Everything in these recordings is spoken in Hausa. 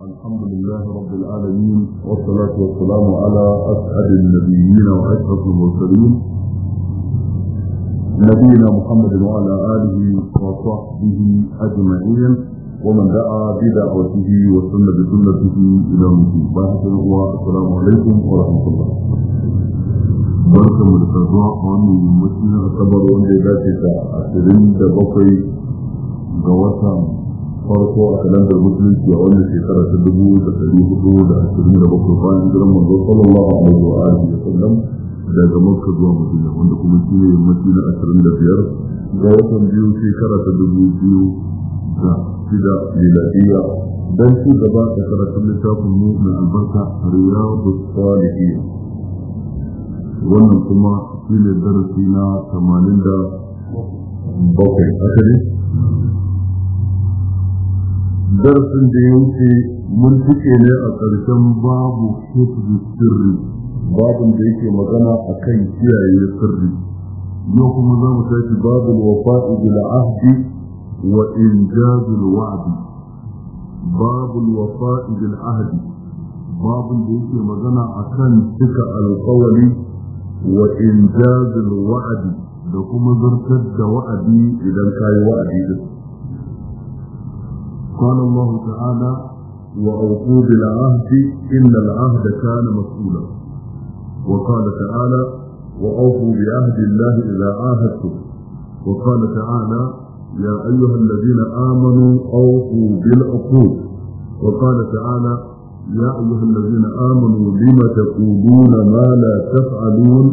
الحمد لله رب العالمين والصلاة والسلام على أسعد النبيين وأشرف المرسلين نبينا محمد وعلى آله وصحبه أجمعين ومن دعا بدعوته وسن بسنته إلى مسيح باحث السلام عليكم ورحمة الله barkanmu da kasuwa a wannan yammacin asabar wanda ya dace da ashirin da bakwai ga watan farko a kalandar musulunci a wani shekara ta dubu da ɗari hudu da ashirin da bakwai bayan jiran manzo sallallahu alaihi wa alihi wa sallam daga makka zuwa madina wanda kuma shi ne yammaci na ashirin da biyar ga watan biyu shekara ta dubu biyu da shida miladiya don su gaba da karatun littafin mu na albarka riyadu salihin wannan kuma shi ne darasi na tamanin da bakwai asali درسن da ya wuce mun cike ne a ƙarshen babu kutu sirri babin da yake magana a kan kiyaye sirri yau kuma za mu tashi babul wafa'i bil ahdi wa injazul wa'di babul wafa'i bil ahdi babin da yake magana a kan cika alƙawari wa injazul wa'di da kuma zartar da wa'adi idan kayi wa'adi din قال الله تعالى وأوفوا بالعهد إن العهد كان مسؤولا وقال تعالى وأوفوا بعهد الله إذا عاهدتم وقال تعالى يا أيها الذين آمنوا أوفوا بالعقود وقال تعالى يا أيها الذين آمنوا لم تقولون ما لا تفعلون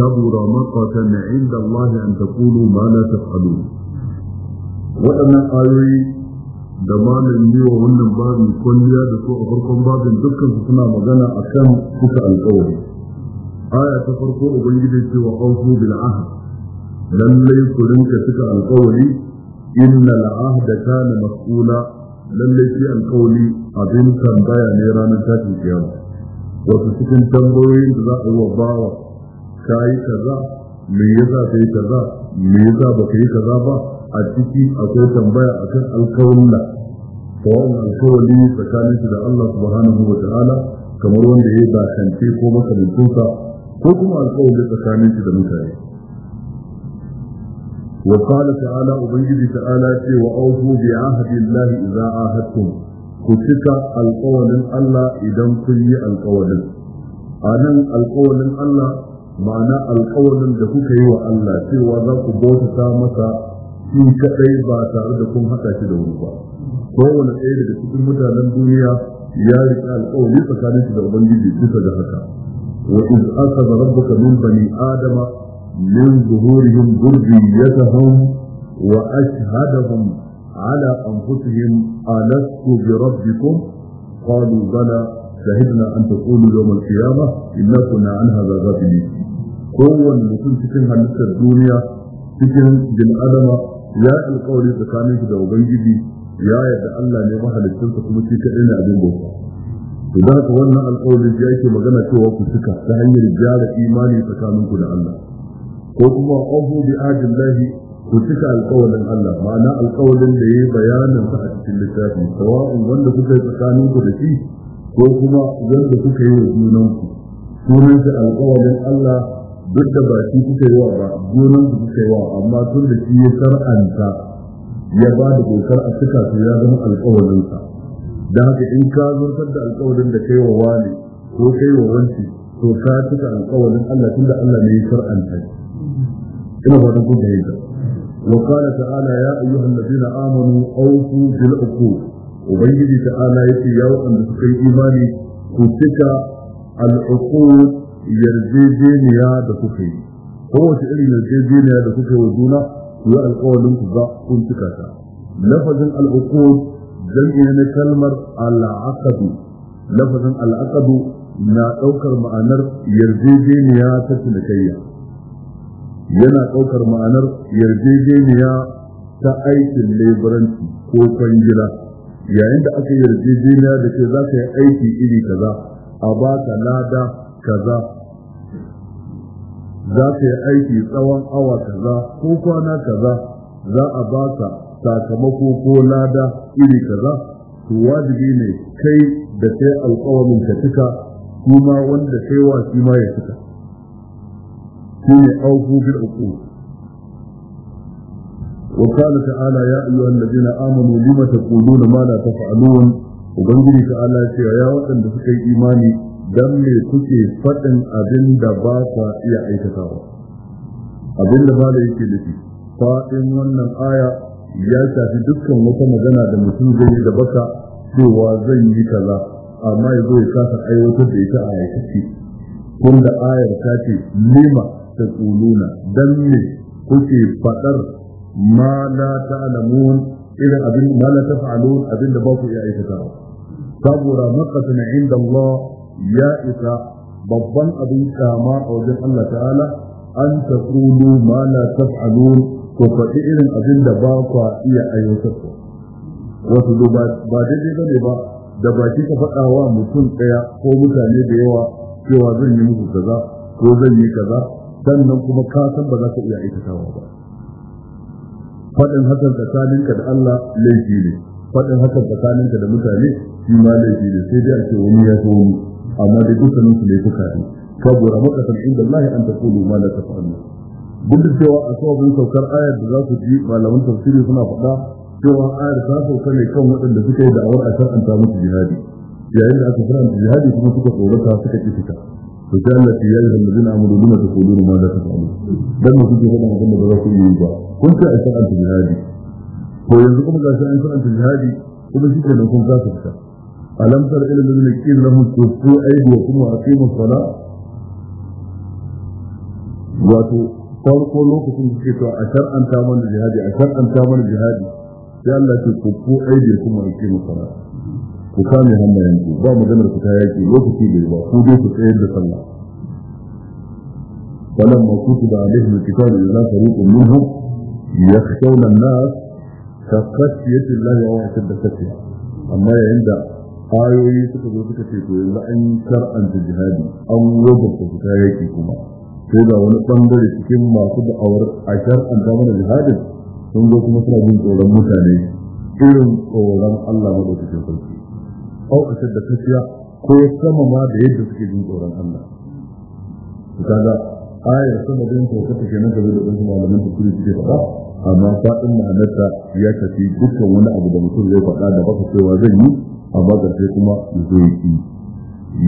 كبر مقتا عند الله أن تقولوا ما لا تفعلون وأنا آيوي da malam yi wa wannan babin kwalliya da ko a farkon babin dukkan su suna magana a kan suka alkawari aya ta farko ubangiji ce wa aufu bil ahd lallai ku rinka suka alkawari innal ahda kana mas'ula lallai shi alkawari abin tambaya ne ranar tashin kiyama wasu cikin tambayoyin da za a yi wa bawa ka yi kaza me yasa ka yi kaza me yasa baka yi kaza ba a ciki akwai tambaya akan alkawalla sawa'un alkawali tsakanin shi da Allah subhanahu wa ta'ala kamar wanda ya zakance ko makamantunsa ko kuma alkawali tsakanin shi da mutane ce wa وقال تعالى أبنجي تعالى وأوفوا بعهد الله إذا عاهدتم كتك القول الله إذا كل القول anan alƙawalin Allah ma'ana alƙawalin da kuka yi wa Allah cewa za ku bauta masa shi kadai ba tare da kun haɗa shi da wani ba kowane ɗaya daga cikin mutanen duniya ya riƙa alƙawari tsakanin shi da ubangiji bisa ga haka wa iz akhadha rabbuka min bani adama min zuhurihim dhurriyyatahum wa ashhadahum ala anfusihim alastu bi rabbikum qalu bala shahidna an taqulu yawm al-qiyamah inna kunna an hadha ghafilin kowane mutum cikin halittar duniya cikin bin adama ya alkawari tsakanin shi da ubangiji ya yarda Allah ne mahaliccinsa kuma shi kaɗai ne abin bauta to da haka wannan alƙawarin ya yake magana cewa ku cika ta hanyar gyara imani tsakaninku da Allah ko kuma ofu bi adillahi ku cika alkawarin Allah ma'ana alƙawarin da ya yi bayanin sa a cikin littafi sawa'un wanda kuka yi tsakaninku da shi ko kuma da kuka yi wa junanku sunan shi alƙawarin Allah duk da ba shi kuka yi wa ba gonan su kuka yi wa amma tun da shi ya sar'anta ya ba da dokar a cika su ya zama alƙawarinsa da haka in ka zurfar da alƙawarin da kai wa wani ko kai wa wanci to ka cika alƙawarin Allah tun da Allah ne ya sar'anta ina ba da ta'ala ya kun fahimta وقال تعالى يا أيها ubangiji ta'ala أوفوا ya وبيجي da يا imani ku cika al العقود yarjejeniya da kuka yi kowace irin yarjejeniya da kuka yi wa juna ku yi alƙawarin ku ga kun cika ta lafazin al'uqud jam'i na kalmar al'aqadu lafazin al'aqadu na ɗaukar ma'anar yarjejeniya ta cinikayya yana ɗaukar ma'anar yarjejeniya ta aikin leburanci ko kwangila yayin da aka yarjejeniya da ke za ka yi aiki iri kaza a baka lada kaza za ka yi aiki tsawon awa kaza ko kwana kaza za a ba baka sakamako ko lada iri kaza to wajibi ne kai da kai alƙawarin ka cika kuma wanda kai wa shi ma ya cika shi ne auku bil uqud وقال تعالى يا أيها الذين آمنوا لم تقولون ما لا تفعلون وبنجري تعالى يا وطن بسكي إيماني don me kuke faɗin abin da ba ta iya aikatawa abin da ba da yake nufi faɗin wannan aya ya shafi dukkan wata magana da mutum zai da baka cewa zan yi kaza amma ya zo ya kasa aiwatar da ita a aikace kun da ayar ta ce lima ta tsuluna don me kuke faɗar ma la ta'lamun irin abin ma la taf'alun abin da ba ku iya aikatawa saboda maqatan inda Allah ya isa babban abin kama a wajen Allah ta'ala an taqulu ma la taf'alun ko faɗi irin abin da ba kwa iya aiwatarwa wato ba daidai ne ba da baki ka faɗa wa mutum ɗaya ko mutane da yawa cewa zan yi muku kaza ko zan yi kaza sannan kuma ka san ba za ka iya aikatawa ba faɗin hakan ka da Allah laifi ne faɗin hakan tsakaninka da mutane shi ma laifi ne sai dai a ce wani ya so wani amma da dukkanin su ne suka yi kabura maqatan inda Allah an taqulu ma la tafalun duk da cewa a sababin saukar ayar da za ku ji malaman tafsiri suna faɗa cewa ayar ta sauka ne kan waɗanda suka yi da'awar a shar'anta musu jihadi yayin da aka shar'anta jihadi kuma suka tsorata suka ƙi fita to sai Allah ya yi annabin amuru ta, taquluna ma la tafalun dan mutum ke faɗa magana da za ku yi ba kun ce a shar'anta jihadi ko yanzu kuma ga shi an shar'anta jihadi kuma shi ke da kun kasa fita ألم تر إلى الذين كيل لهم كفوا أيدي وكم وأقيموا الصلاة واتو فرقوا لوكم كيتوا أشر أن تعمل الجهاد أشر أن تعمل الجهاد يا الله كفوا أيدي وكم وأقيموا الصلاة وكان يهمنا ينجو يعني، با مجمل كتاياتي لوكتي لله وفوديو كتاياتي لصلاة فلما كتب عليهم الكتاب إلا فريق منهم يخشون الناس كخشية الله وعلى كبسته أما عند ayoyi suka zo suka ce to yanzu an shar'anta jihadi an wajabta fita yaki kuma ko ga wani bangare cikin masu da'awar a shar'anta mana jihadin sun zo kuma suna jin tsoron mutane irin tsoron Allah madaukakin sarki au a da kashiya ko sama ma da yadda suke jin tsoron Allah kaga ayar sama din ko ta kenan da da wasu malaman tafsiri suke faɗa amma fadin ma'anarta ya tafi dukkan wani abu da mutum zai faɗa da baka cewa zan yi amma sai kuma zo ya ki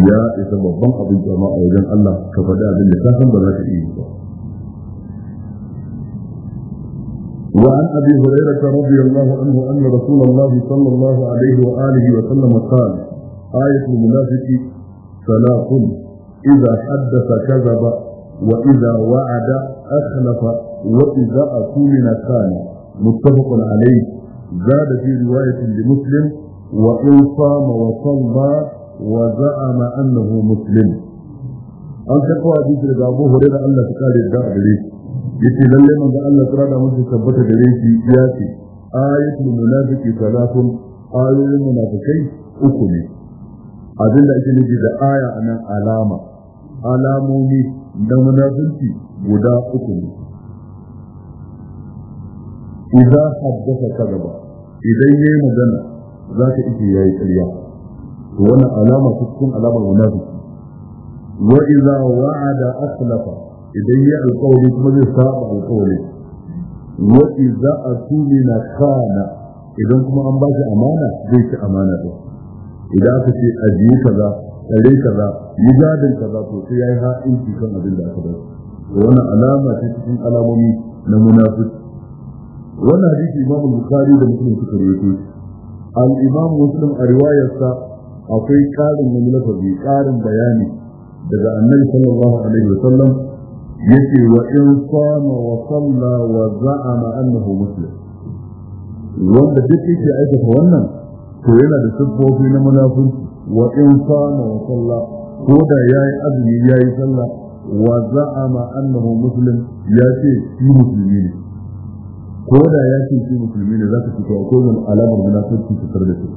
ya isa babban abin kyama a wajen Allah ka faɗi abin da ka san ba za ka iya ba وعن أبي هريرة رضي الله عنه أن رسول الله صلى الله عليه وآله وسلم قال آية المنافق ثلاث إذا حدث كذب وإذا وعد أخلف وإذا أكون كان متفق عليه زاد في رواية لمسلم وإن صام وصلى na أنه مسلم an karɓo a jisir ga abu hore da Allah su kare da a gare shi lallai ce lalle man da Allah kira da musu tabbata gare shi ya ce ayatul munafiki salatun ayoyin munafikai uku ne abinda ake nufi da aya a alama alamomi na munafiki guda uku ne idan haddasa ka gaba idan yayi magana za ka ike yayi ƙarya to wannan alama ta cikin alamar munafiki wa idza wa'ada akhlafa idan ya alƙawari kuma zai saba alƙawari wa idza atumina kana idan kuma an ba shi amana zai ci amana to idan aka ce ajiye kaza tsare kaza yi gadin kaza to sai yi ha'inci kan abin da aka ba to wannan alama ce cikin alamomi na munafiki wannan hadisi imamu bukhari da muslim suka rawaito al-imam muslim a riwayarsa akwai karin wani lafazi karin bayani daga annabi sallallahu alaihi wasallam yace wa in sama wa salla wa za'ama annahu muslim wanda duk yake aikata wannan to yana da siffofi na munafiki wa in wa salla ko da yayi azumi yayi sallah wa za'ama annahu yace shi musulmi ne ko da ya ce ki musulmi ne za ka fito ko zan alamar munafiki ta tare da su,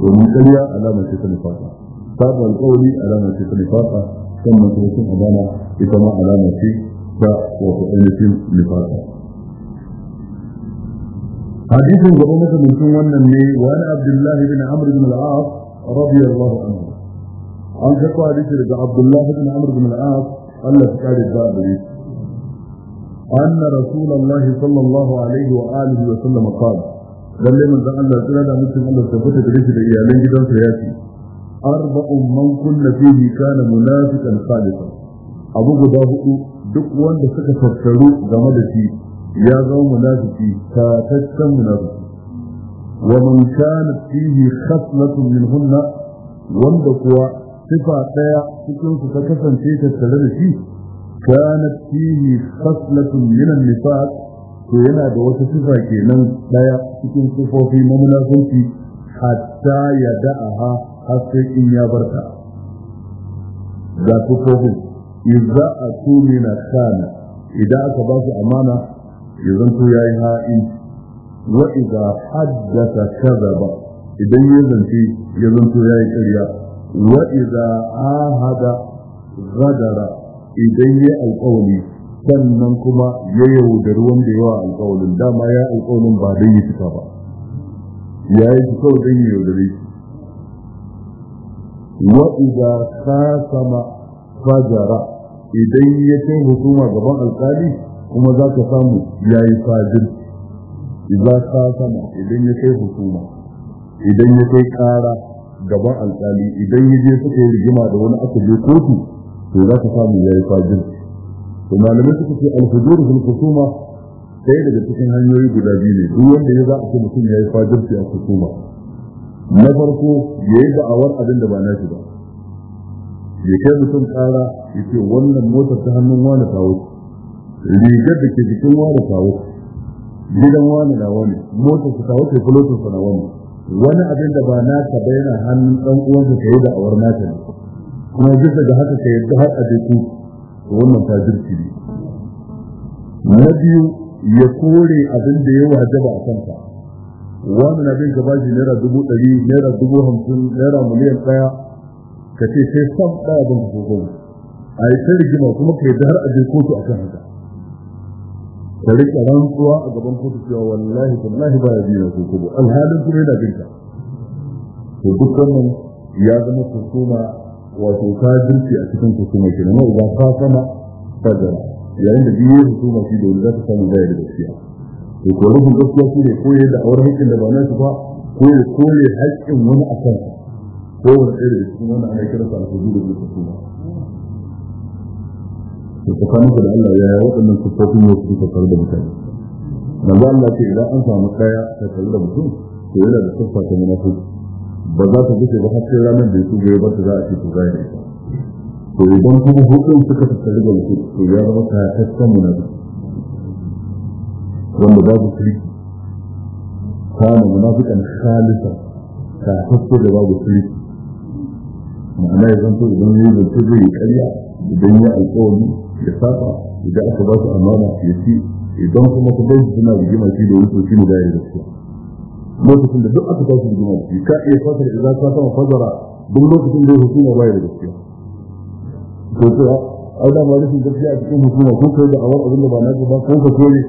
domin ƙarya alamar ce ta nifaka saba alƙawari alamar ce ta nifaka kan mutuncin amana ita ma alamar ce ta wato ainihin nifaka mutum wannan ne سنوان النبي وعن عبد الله بن عمرو بن العاص رضي an عنه عن ذكر Abdullahi عبد الله بن عمرو بن العاص الله تعالى الزابري أن رسول الله صلى الله عليه وآله وسلم قال lalle manzon Allah tsira da mutum Allah tabbata da shi iyalan gidansa ya ce arba'un man kunna fihi kana munafiqan sadiqan abu guda huɗu, duk wanda suka tattaru game da shi ya zama munafiki tataccen munafiki wa man kana fihi khaslatun minhunna wanda kuwa sifa daya cikin su ta kasance tattare da shi كانت فيه خصلة من النفاق وينا ده وتصفة كنان لا يكون صفة في ممناسوتي حتى يدعها حتى إن يبرتا ذات صفة إذا أتومن كان إذا أكباس أمانة يزنت يايها إن وإذا حدث كذب إذا يزنتي يزنت ياي كريا وإذا عاهد غدر idan ya alƙawari sannan kuma ya yaudari wanda yawa alƙawarin dama ya alƙawarin ba don yi fita ba ya yi fita don ya yaudari shi wa sama fajara idan ya kai hukuma gaban alƙali kuma za ka samu ya yi fajir ka sama idan ya kai hukuma idan ya kai ƙara gaban alƙali idan ya je suka yi rigima da wani aka kotu to za ka samu ya yi fajin to malamai suka ce al-hujur fil khusuma sai daga cikin hanyoyi guda biyu ne duk wanda ya za a ce mutum yayi fajin fi al-khusuma na farko ya yayi da'awar abin da ba na nashi ba ya kai mutum tsara ya ce wannan motar ta hannun wani kawo rigar da ke jikin wani kawo gidan wani na wani motar ta kawo ta fulotin sa na wani wani abin da ba naka ba yana hannun ɗan uwansa ka yi da'awar ta ne kuma duk da haka ka yadda har a duku wannan fajirci ne na biyu ya kore abin da ya wajaba a kanka wani na bin gaba naira dubu ɗari naira dubu hamsin naira miliyan ɗaya ka ce sai sam ɗaya abin ka kogo a yi sai rigima kuma ka yadda har a je kotu a kan haka ka rika rantsuwa a gaban kotu cewa wallahi wallahi ba ya biya kogo alhalin kuma yana bin ka to duk wannan ya zama kusuma wato kafirci a cikin hukuma ke nan ba ka sama fajara yayin da biyu hukuma shi da za ta samu da yadda gaskiya to ko rubun gaskiya shi ne ko ya da aure hakkin da ba na shi ba ko ya kole hakkin wani a kansa ko wani irin da cikin wani ana kira sa alhudu da zuwa hukuma to tsakanin da Allah ya yi waɗannan kufofin ne su ka da mutane manzo Allah ce idan an samu kaya ta da mutum to yana da siffa ta munafiki ba za ta gushe ba har sai ranar da ya tuba ya barta za a ce ku zai ne ita to idan kuma hukun suka tattali da mutum to ya zama kayatakkan munafiki wanda na shirki kana munafikan khalisa kayatakke da babu shirki ma'ana ya zanto idan ya yi zance zai yi karya idan ya alkawari ya saba idan aka ba su amana ya ce idan kuma ku bai suna rigima shi da wuce shi ne da ya gaskiya lokacin da duk aka tashi da jima'a shi ka iya fasara da za ka sama fasara duk lokacin da ya hukuma baya da gaskiya to ko ai da ma rashin gaskiya a cikin hukuma ko kai da awar abin da ba na ba ko ka kore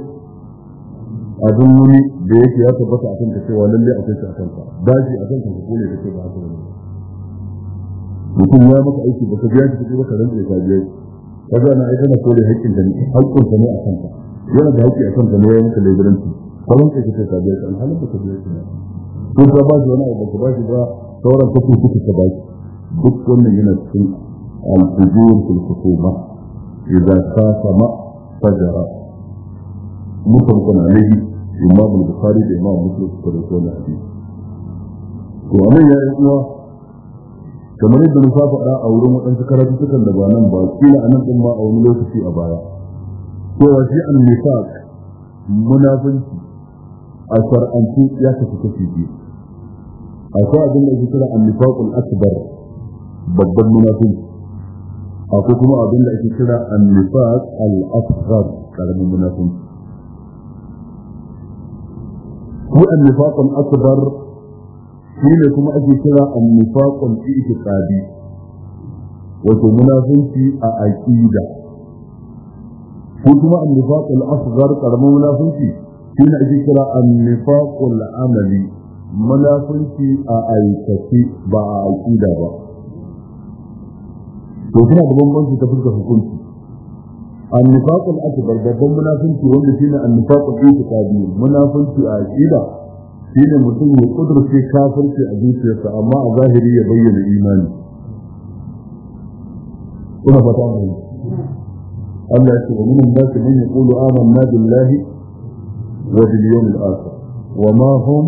abin wani da yake ya tabbata akan ka cewa lalle akwai shi akan ka daji akan ka ko ne kake ba haka ba. mutum ya maka aiki baka biya shi kuɗi baka rantsa ka biya shi kaga na ai kana kore haƙƙin ka ne haƙƙin ka ne a ka yana da haƙƙi a ka ne ya yi maka laibiranci sauran kai kake ka biya alhalin ba ka biya shi ko ka ba shi wani abu ba shi ba sauran kake kuka ka ba shi duk wannan yana cikin al-ujur fil hukuma idza kasama fajara mutum kana nabi imam al-bukhari da imam muslim suka rawaito wannan hadisi to amma ya yi uwa kamar yadda na saba a wurin waɗansu karatutukan da ba nan ba kila a nan ɗin ma a wani lokaci a baya cewa shi an nifaq munafunci a shar'anci ya tafi kashi biyu akwai abin da ake kira annifaqul akbar babban munafiki akwai kuma abin da ake kira annifaq al-asghar karamin munafiki ko annifaqul akbar shine kuma ake kira annifaqul i'tiqadi wato munafiki a aqida ko kuma annifaqul asghar karamin munafiki shi ne ake kira annifaqul amali munafunci a aikace ba a aqida ba to suna da bambanci ta fuskar hukunci annifaqul akbar babban munafunci wanda shi ne annifaqul itiqadi munafunci a aqida shi ne mutum ya kudurce kafirci a zuciyarsa amma a zahiri ya bayyana imani ina fata mu Allah ya ce wa minhum man yaqulu amanna billahi وباليوم الآخر وما هم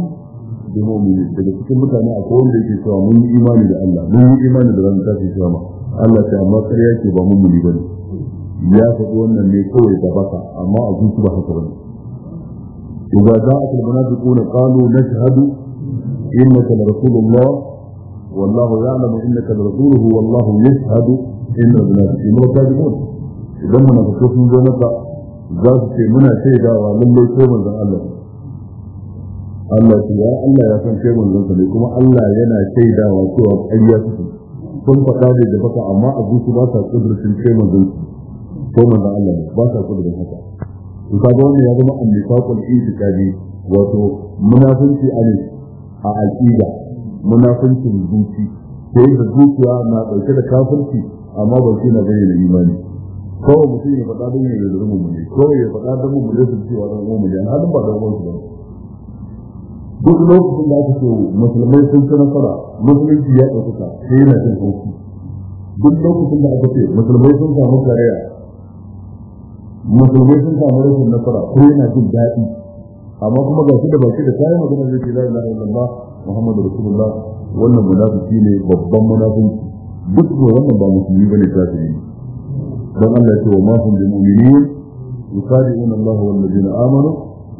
بمؤمنين daga cikin mutane a kowane ke yake cewa mun yi imani da Allah mun yi imani da ranar tashin kiyama Allah ta amma ƙarya ce ba mu muni bane ya faɗi wannan ne kawai da baka amma a zuci ba haka bane idza ja'at al-munafiquna qalu nashhadu innaka la wallahu rasuluhu wallahu idan munafiqun sun zo za su ce muna shaidawa lallai ko manzon Allah Allah ce ya Allah ya san kai manzon sa ne kuma Allah yana shaidawa cewa ƙarya su sun faɗa ne da baka amma a zuci ba sa kudurcin kai manzon ko manzon Allah ba sa kudurin haka to kaga wannan ya zama annifaqul itiqadi wato munafunci a ne a al'ida munafuncin zuci sai da zuciya na ɗauke da kafirci amma ba shi na bayyana imani kawai mutum ya faɗa don yin da mu ne kawai ya faɗa don mu ne su cewa don mu ne halin ba don wasu ba duk lokacin da aka ce musulmai sun ci nasara musulunci ya ɗaukaka sai yana jin hauki duk lokacin da aka ce musulmai sun samu kariya musulmai sun samu rashin nasara ko yana jin daɗi amma kuma ga shi da baki da kayan magana zai ce la ilaha illallah muhammadu rasulullah wannan munafiki ne babban munafiki duk wannan ba musulmi bane kafiri ne don Allah ya ce wa mahum bi mu'minin yuqadi'una Allah wal ladina amanu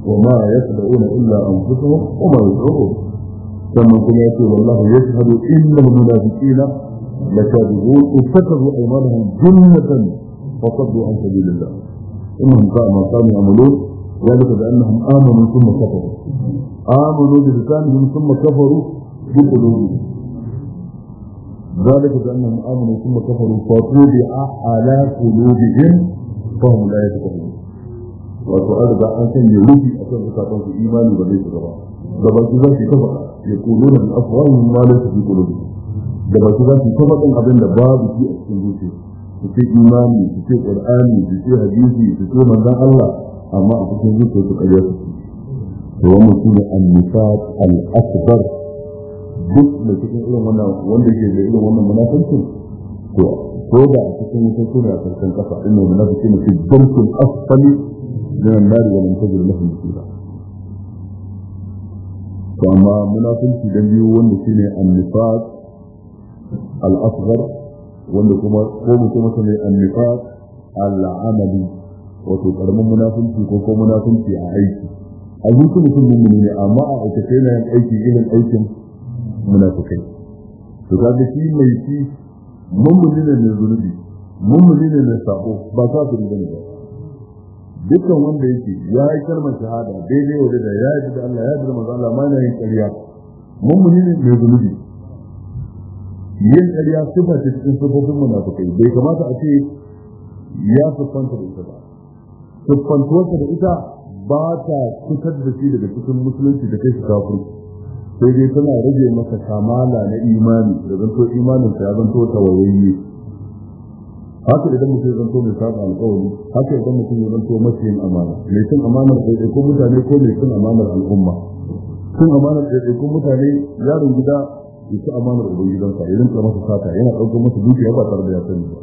wa ma yasda'una illa anfusuhum wa ma yusirun sannan kuma ya ce wallahu yashhadu innal munafiqina lakadibun ittakhadhu aymanahum junnatan fasaddu an sabilillah إنهم ساء ما كانوا يعملون ذلك بأنهم آمنوا ثم كفروا آمنوا بلسانهم ثم كفروا بقلوبهم ذلك بأنهم آمنوا ثم كفروا فطبع على قلوبهم فهم لا يتقون وسؤال بقى أن يلوبي أكثر بكاتهم في إيمان وليس غبا غبا كذا في كفر يقولون بالأفواه ما ليس في قلوبهم غبا كذا في كفر أن أبن باب في أسكندوسي في إيماني في قرآني في حديثي في من ذا الله أما أسكندوسي في قريتي وهم النفاق الأكبر duk da cikin irin wannan wanda ke da irin wannan munafincin to ko da a cikin wata sura a karkan kasa inna munafiqin fi dharkil asfali min nan nar wa lam tajid lahum nasira to amma munafinci da biyu wanda shine an-nifaq al-asghar wanda kuma ko mutum ne an-nifaq al-amali wato karamin munafinci ko ko munafinci a aiki a zuci mutum mummuni ne amma a aikace yana aiki irin aikin munafikai to kaga shi mai shi mummuni ne mai zunubi mummuni ne mai sako ba sa su bane ba dukkan wanda yake ya yi kalmar shahada daidai wa da ya yi da Allah ya yi da manzo Allah ma yana yin ƙarya mummuni ne mai zunubi yin ƙarya sifa ce cikin sifofin munafikai bai kamata a ce ya siffanta da ita ba siffantuwarsa da ita ba ta fitar da shi daga cikin musulunci da kai shi kafirci sai dai tana rage masa kamala na imani da zanto imanin sa ya zanto tawayayye haka idan mutum ya zanto mai saba alƙawari haka idan mutum ya zanto yin amana mai cin amanar ko mutane ko mai cin amanar al'umma cin amanar ɗaiɗaikun mutane yaron gida ya ci amanar ubangidansa ya rinka masa sata yana ɗaukar masa dukiya ba tare da ya sani ba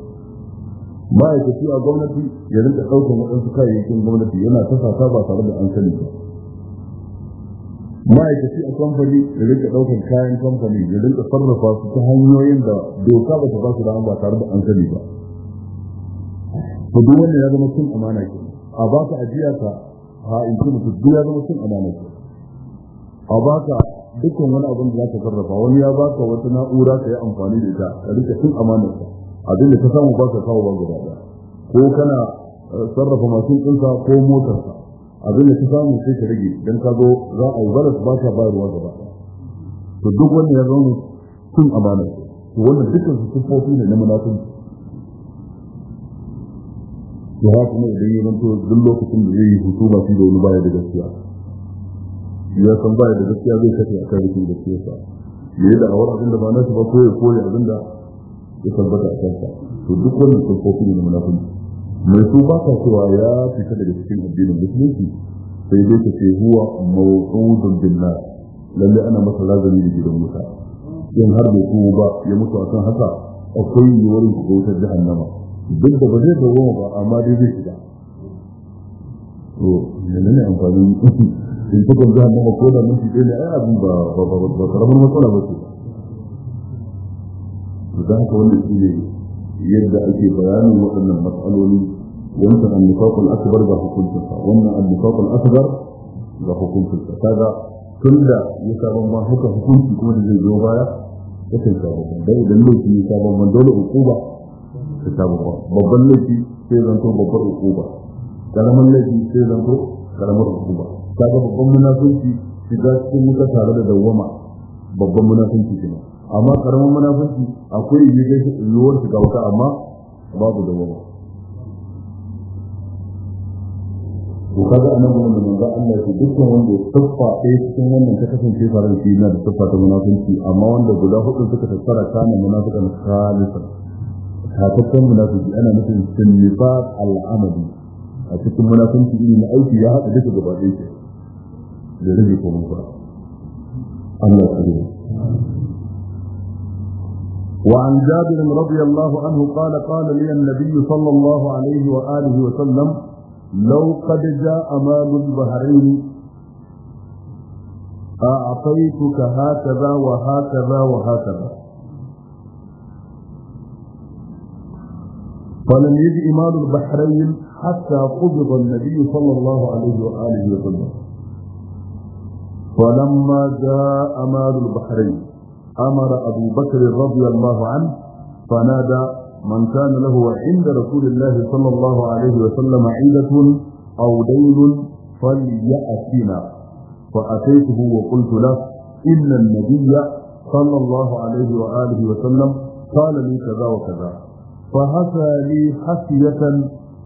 ma'aikaci a gwamnati ya rinka ɗaukar waɗansu kayayyakin gwamnati yana ta sata ba tare da an sani ba ma'aikaci a kamfani da rinka ɗaukar kayan kamfani da rinka sarrafa su ta hanyoyin da doka ba ta ba su da ba tare da an sani ba to duk wannan ya zama cin amana ke a ba ka ajiya ka ha in ce mutu duk ya zama cin amana ke a ba ka dukkan wani abin da za ka sarrafa wani ya ba ka wata na'ura ka yi amfani da ita ka rinka cin amana ka abin da ka samu ba ka kawo ba ɗaya. ko kana eh, sarrafa masu ɗinka ko motarka abin da ta samu sai ta rage dan ka zo za a yi balas ba ta bayarwa gaba to duk wanda ya zama sun amana to wannan dukkan su sufofi ne na munafunci Ya ha kuma idan ya zanto duk lokacin da zai yi hutu ba shi da wani baya da gaskiya ya san baya da gaskiya zai kace akan rikin sa ya yi da'awar abin da ba nasu ba ko ya koya abin da ya tabbata a kansa to duk wannan sufofi ne na munafunci mai su ba ka cewa ya fita daga cikin addinin musulunci sai dai ka ce huwa mawqudun billah lalle ana masa lazari da gidan wuta in har bai tuwo ba ya mutu akan haka akwai yiwuwar shiga wutar jahannama duk da ba zai goma ba amma dai zai shiga to ne amfani in tukun jahannama ko da mun shiga ne ai abin ba ba ba ba karamin matsala ba ce da haka wannan shi ne yadda ake bayanin waɗannan matsaloli wancan annifaq al-akbar ga hukuncin sa wannan annifaq al-asghar ga hukuncin sa kaga tunda ya sabon ban haka hukunci kuma da zai zo baya yake sabon ban dai idan laifi ya sabon ban dole hukuma ta sabon ban babban laifi sai zanto babbar hukuma karamin laifi sai zanto karamar hukuma kaga babban munafunci shiga cikin wuta tare da dawwama babban munafunci kenan amma karamin munafiki akwai yiwuwar shiga wuta amma babu da dawama to kaga anan gurin da manzo Allah ce dukkan wanda ya tuffa ɗaya cikin wannan ta kasance tare da shi yana da taffa ta munafunci amma wanda guda hudu suka tattara kana munafiqan khalisa hakkan munafiki ana nufin sunnifat al'amali a cikin munafunci irin na aiki ya haɗa duka gaba ɗaya da rage komai ba Allah ya وعن جابر رضي الله عنه قال قال لي النبي صلى الله عليه وآله وسلم لو قد جاء مال البحرين أعطيتك هكذا وهكذا وهكذا فلم يجئ مال البحرين حتى قبض النبي صلى الله عليه وآله وسلم فلما جاء مال البحرين أمر أبو بكر رضي الله عنه فنادى من كان له عند رسول الله صلى الله عليه وسلم عيدة أو دين فليأتنا فأتيته وقلت له إن النبي صلى الله عليه وآله وسلم قال لي كذا وكذا فهسى لي حسية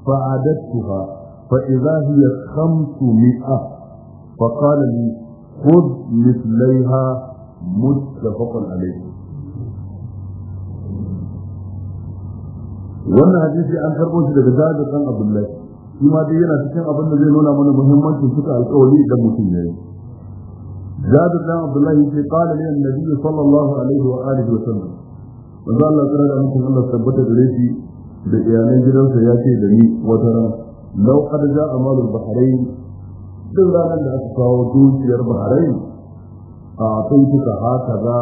فعددتها فإذا هي خمسمائة فقال لي خذ مثليها muttafaqun alayhi wannan hadisi an karbo shi daga Jabir dan Abdullahi shi dai yana cikin abin da zai nuna mana muhimmancin suka alƙawari idan mutum ya yi Jabir dan Abdullahi sai qala li annabi sallallahu alaihi wa alihi wa sallam manzo Allah tsara da mutum Allah tabbata gare shi da iyalan gidansa ya ce da ni wata ran law duk ranar da aka kawo dukiyar bahrain a'taytuka hakaza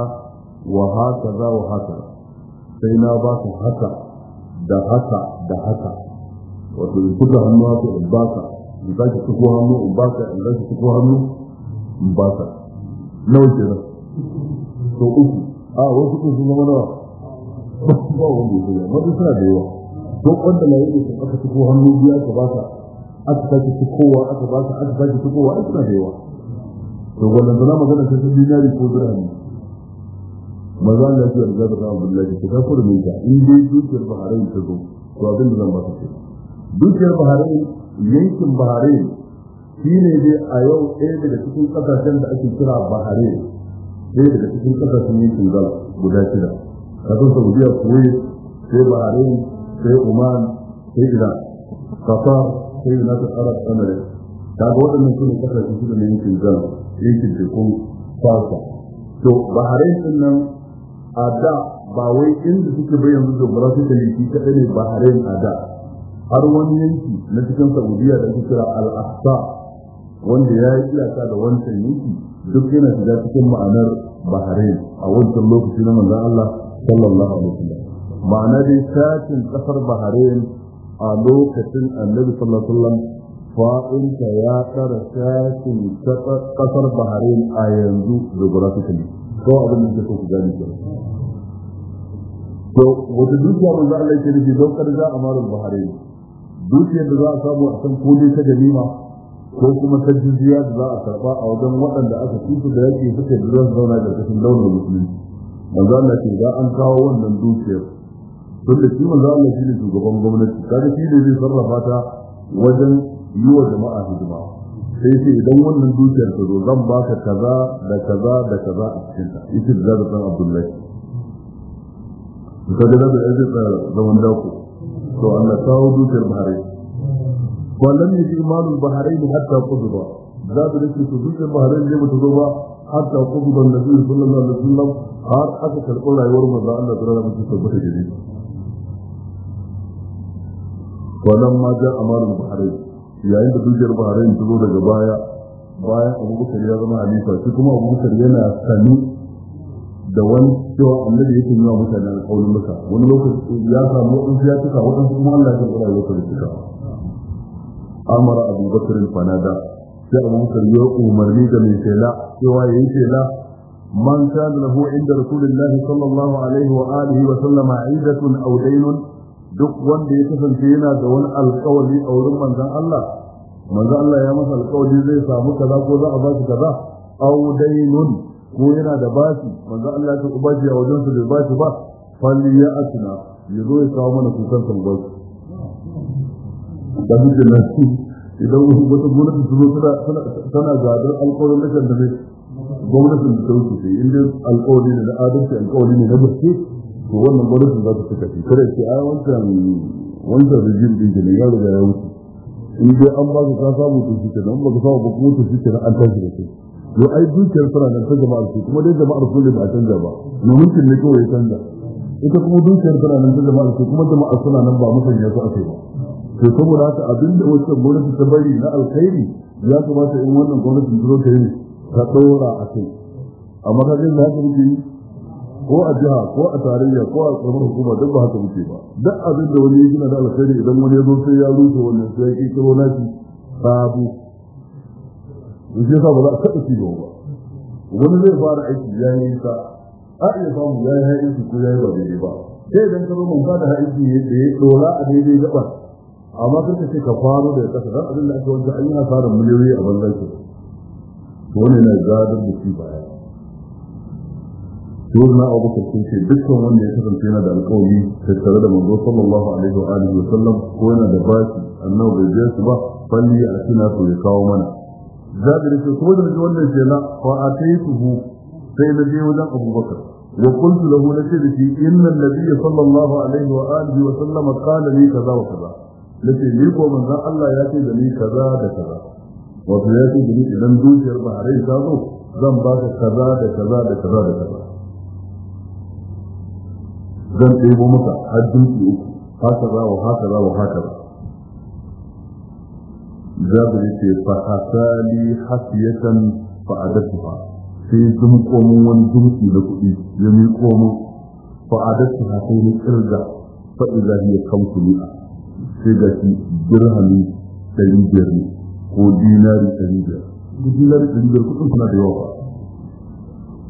wa hakaza wa hakaza sai na ba ka haka da haka da haka wato in kuka hannu haka in baka in za ki tuko hannu in in za ki tuko hannu in baka nawa kenan to uku a wasu kun sun zama nawa ba wanda ya zama wasu da yawa to wanda na yi sun aka tuko hannu biya ka baka aka sake tukowa aka baka aka sake tukowa aka suna da yawa to wannan zama magana ta sun dinari ko dirhami maza ne ya riga da kawo billahi ta ka ne da in dai dukiyar baharai ta zo to abin da zan ba ta ce dukiyar baharai yankin baharai shi ne dai a yau ɗaya daga cikin ƙasashen da ake kira baharai ɗaya daga cikin ƙasashen yankin gal guda shida kasan saudiya kuwait sai baharai sai oman sai iran qatar sai united arab emirates kaga waɗannan su ne ƙasashen shida ne yankin gal yankin tekun farsa to bahrain din nan a da ba wai inda suke bai yanzu geographically shi kadai ne bahrain a da har wani yanki na cikin saudiya da kira al-ahsa wanda ya yi iyaka da wancan yanki duk yana shiga cikin ma'anar bahrain a wancan lokaci na manzon Allah sallallahu alaihi wasallam ma'ana dai satin kasar bahrain a lokacin annabi sallallahu alaihi wasallam fainta ya tsara shafin ƙasar baharin a yanzu geographically ko abin da kuka gani ke to wata dukiya mun za a ke da don kada a marar baharin. dukiyar da za a samu a san kodin ta ganima ko kuma ta jijiya da za a karɓa a wajen waɗanda aka kusa da yake suke da zan zauna da kasan launin musulunci manzo Allah ce za an kawo wannan dukiyar to da shi manzo Allah shi ne shugaban gwamnati kaga shi ne zai sarrafa ta wajen yi wa jama'a hidima sai ce idan wannan dukiyar ta zo zan baka kaza da kaza da kaza a cikin ta ita da zaka san Abdullahi ka ga da zai tsaya zaman dako to Allah kawo dukiyar Bahrain wallan ne shi malu Bahrain hatta qudra za ta rike su dukiyar Bahrain ne ba ta zo ba hatta qudra Nabi sallallahu alaihi wasallam har aka karɓi rayuwar manzo Allah sallallahu alaihi wasallam ta gare Wannan ولما جاء مال البحرين yayin da dukiyar bahrain ta zo daga baya bayan abubakar ya zama halifa shi kuma abubakar yana sanu da wani cewa annabi yake nuna mutane alƙawarin maka wani lokaci ya samu waɗansu ya cika waɗansu kuma Allah ya karɓa lokacin cika amara abu abubakar fanada sai abubakar ya umarni ga mai shela cewa ya yi shela man kana lahu inda rasulullahi sallallahu alaihi wa alihi wa sallama iddatun aw daynun duk wanda ya kasance yana da wani alkawari a wurin manzon Allah manzon Allah ya masa alkawari zai samu kaza ko za a ba shi kaza aw daynun ko yana da bashi manzon Allah ya taɓa bashi a wajen su bai bashi ba falli ya asna ya zo ya kawo mana kusan tambayar da muke nan idan wata gwamnati su zo tana zaɓar alkawarin da kan da ne gwamnatin da ta wuce sai inda alkawari ne na adalci alkawari ne na gaske to wannan gwamnatin za ta saka shi kada ce ai wancan wancan rijim din da ya riga ya wuce in dai an ba ka samu to shi kenan ba ka samu ba kuma to shi kenan an tashi da su to ai dukiyar suna nan ta jama'ar su kuma dai jama'ar su ne ba a canza ba mutum ne kawai ya canza ita kuma dukiyar suna nan ta jama'ar su kuma jama'ar suna nan ba ya su ake ba to saboda haka abinda wacce gwamnati ta bari na alkhairi ya kamata in wannan gwamnatin ta zo ta yi ta ɗora a kai amma ka ga da haka muke yi ko a jiha ko a tarayya ko a tsarin hukuma duk ba haka muke ba duk abin da wani ya gina da alkhairi idan wani ya zo sai ya rushe wannan sai ya kirkiro nashi babu in ji yasa ba za a taɓa ci gaba ba wani zai fara aiki ya yi sa a iya samu ya yi su ko ya yi ba daidai ba sai idan ka zo mun ka da ya tsaye ɗora a daidai gaba amma kan ka ce ka faro da ƙasa don abin da aka wanda an yi hasarar miliyoyi a banzan ke to wani na gadar da shi baya dole na abu sun ce dukkan wanda ya kasance yana da alƙawari tattare da manzo sallallahu alaihi wa alihi wa sallam ko yana da basi, annabi bai biya su ba falli a suna to ya kawo mana jabir ce ko da ji wannan shela fa ataituhu sai na je wajen abubakar wa qultu lahu na ce da shi inna nabiyya sallallahu alaihi wa alihi wa sallam qala li kaza wa kaza nace ni Allah ya ce da ni kaza da kaza idan dukiyar ba harai zan ba ka kaza da kaza zan ɗebo masa har dinki uku haka za wa haka za wa haka za jabir ce fa hasali hasiyatan fa adatuha sai sun komo wani dinki na kuɗi ya mi komo fa adatuha sai ni kirga fa kamsu ni. kamsuli'a sai ga shi dirhami ɗari biyar ne ko dinari ɗari biyar dinari ɗari biyar kuɗin suna da yawa ba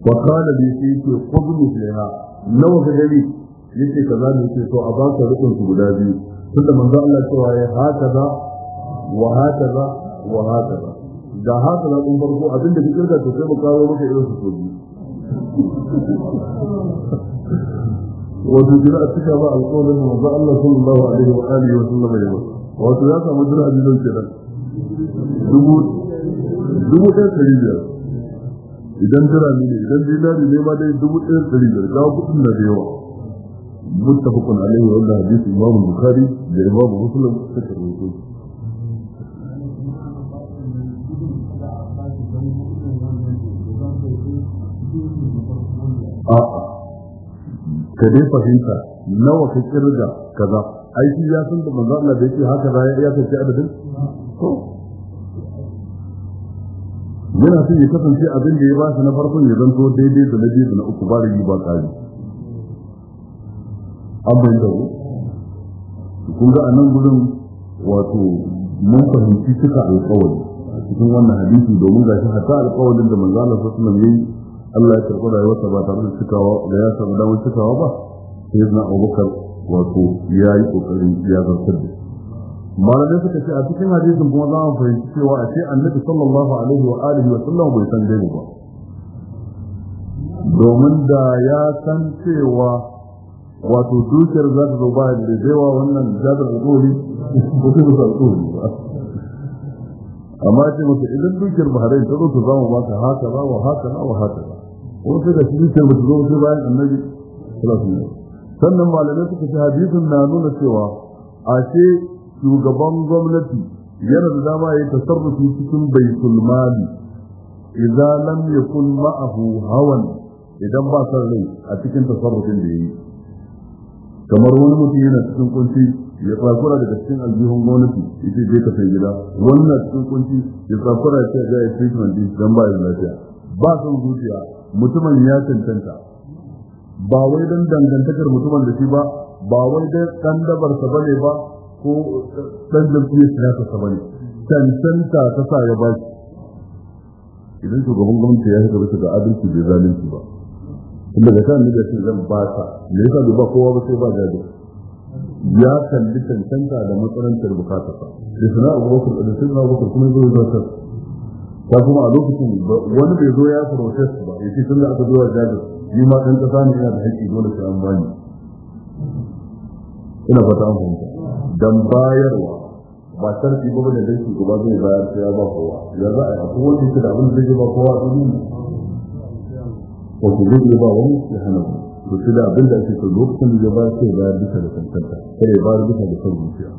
wa kana bi sai ce ko gudu sai ha nawa ga gari yace kaza ne yace to a baka rukun su guda biyu tunda manzo Allah cewa ya hakaza wa haka hakaza wa haka hakaza da haka na kun farko abin da kike da sai mu kawo maka irin su to biyu wato jira a cika ba alƙawarin manzo Allah sallallahu alaihi wa alihi wa sallam ya ba wato ya samu jira a biyu kenan dubu dubu ɗaya ɗari biyar idan jira ne idan dinari ne ma dai dubu ɗaya ɗari biyar ga kuɗin da da yawa متفق عليه وأن حديث الإمام البخاري لإمام مسلم سكر وصول a'a ka dai fahimta nawa ka kirga kaza aiki ya san da manzo Allah da yake haka da ya kace adadin ko yana son ya kasance abin da ya ba shi na farkon ya zanto daidai da na biyu da na uku ba da yi ba ƙari an bai da kun ga a nan gudun wato mun fahimci suka alkawari a cikin wannan hadisi domin ga shi hatta alkawarin da manzo Allah sallallahu alaihi Allah ya karɓi rayuwarsa ba tare da cikawa da ya samu damar cikawa ba sai na Abubakar wato ya yi kokarin ya zartar da malamai suka ce a cikin hadisin kuma za mu fahimci cewa a ce annabi sallallahu alaihi wa alihi wa sallam bai san dai ba domin da ya san cewa wato dukiyar za ta zo ba da baiwa wannan jadar alƙoli ko ta musu alƙoli ba amma ce mutu idan dukiyar baharai ta zo ta zama ba ta haka ba wa haka na wa haka ko sai da shi dukiyar ba ta zo sai bayan annabi sallallahu alaihi sannan malamai suka ci hadisin na nuna cewa a ce shugaban gwamnati yana da dama ya tasarrufi cikin baitul mali idan lam yakun ma'ahu hawan idan ba sa rai a cikin tasarrufin da yi kamar wani mutum yana cikin kunci ya tsakura daga cikin aljihun gwamnati ita je ka sai gida wannan cikin kunci ya tsakura ya ce ga ya treatment din dan ba ya lafiya ba son zuciya mutumin ya cancanta ba wai dan dangantakar mutumin da shi ba ba wai dan dan dabar sa bane ba ko dan ya siyasa sa bane cancanta ta sa ya ba shi idan shugaban gwamnati ya shiga da ga adalci bai zalunci ba inda da kan da shi zan ba ka me yasa ba kowa ba sai ba gado ya kalli tantanta da matsalantar bukata sa da suna abubakar da suna abubakar kuma zai zo ta kuma a lokacin wani bai zo ya protest ba ya ce tun da aka zuwa gado ni ma ɗan ƙasa ne yana da haƙƙi dole sai an bani ina fata an fahimta dan bayarwa ba sarki ba da dai gaba zai bayar sai ya ba kowa ya za a yi akwai wanda da abin da zai ba kowa a duniya wato zai ba wani ya hana ba to shi da abin da ake so lokacin da ba sai ba bisa da kankanta sai ba bisa da son zuciya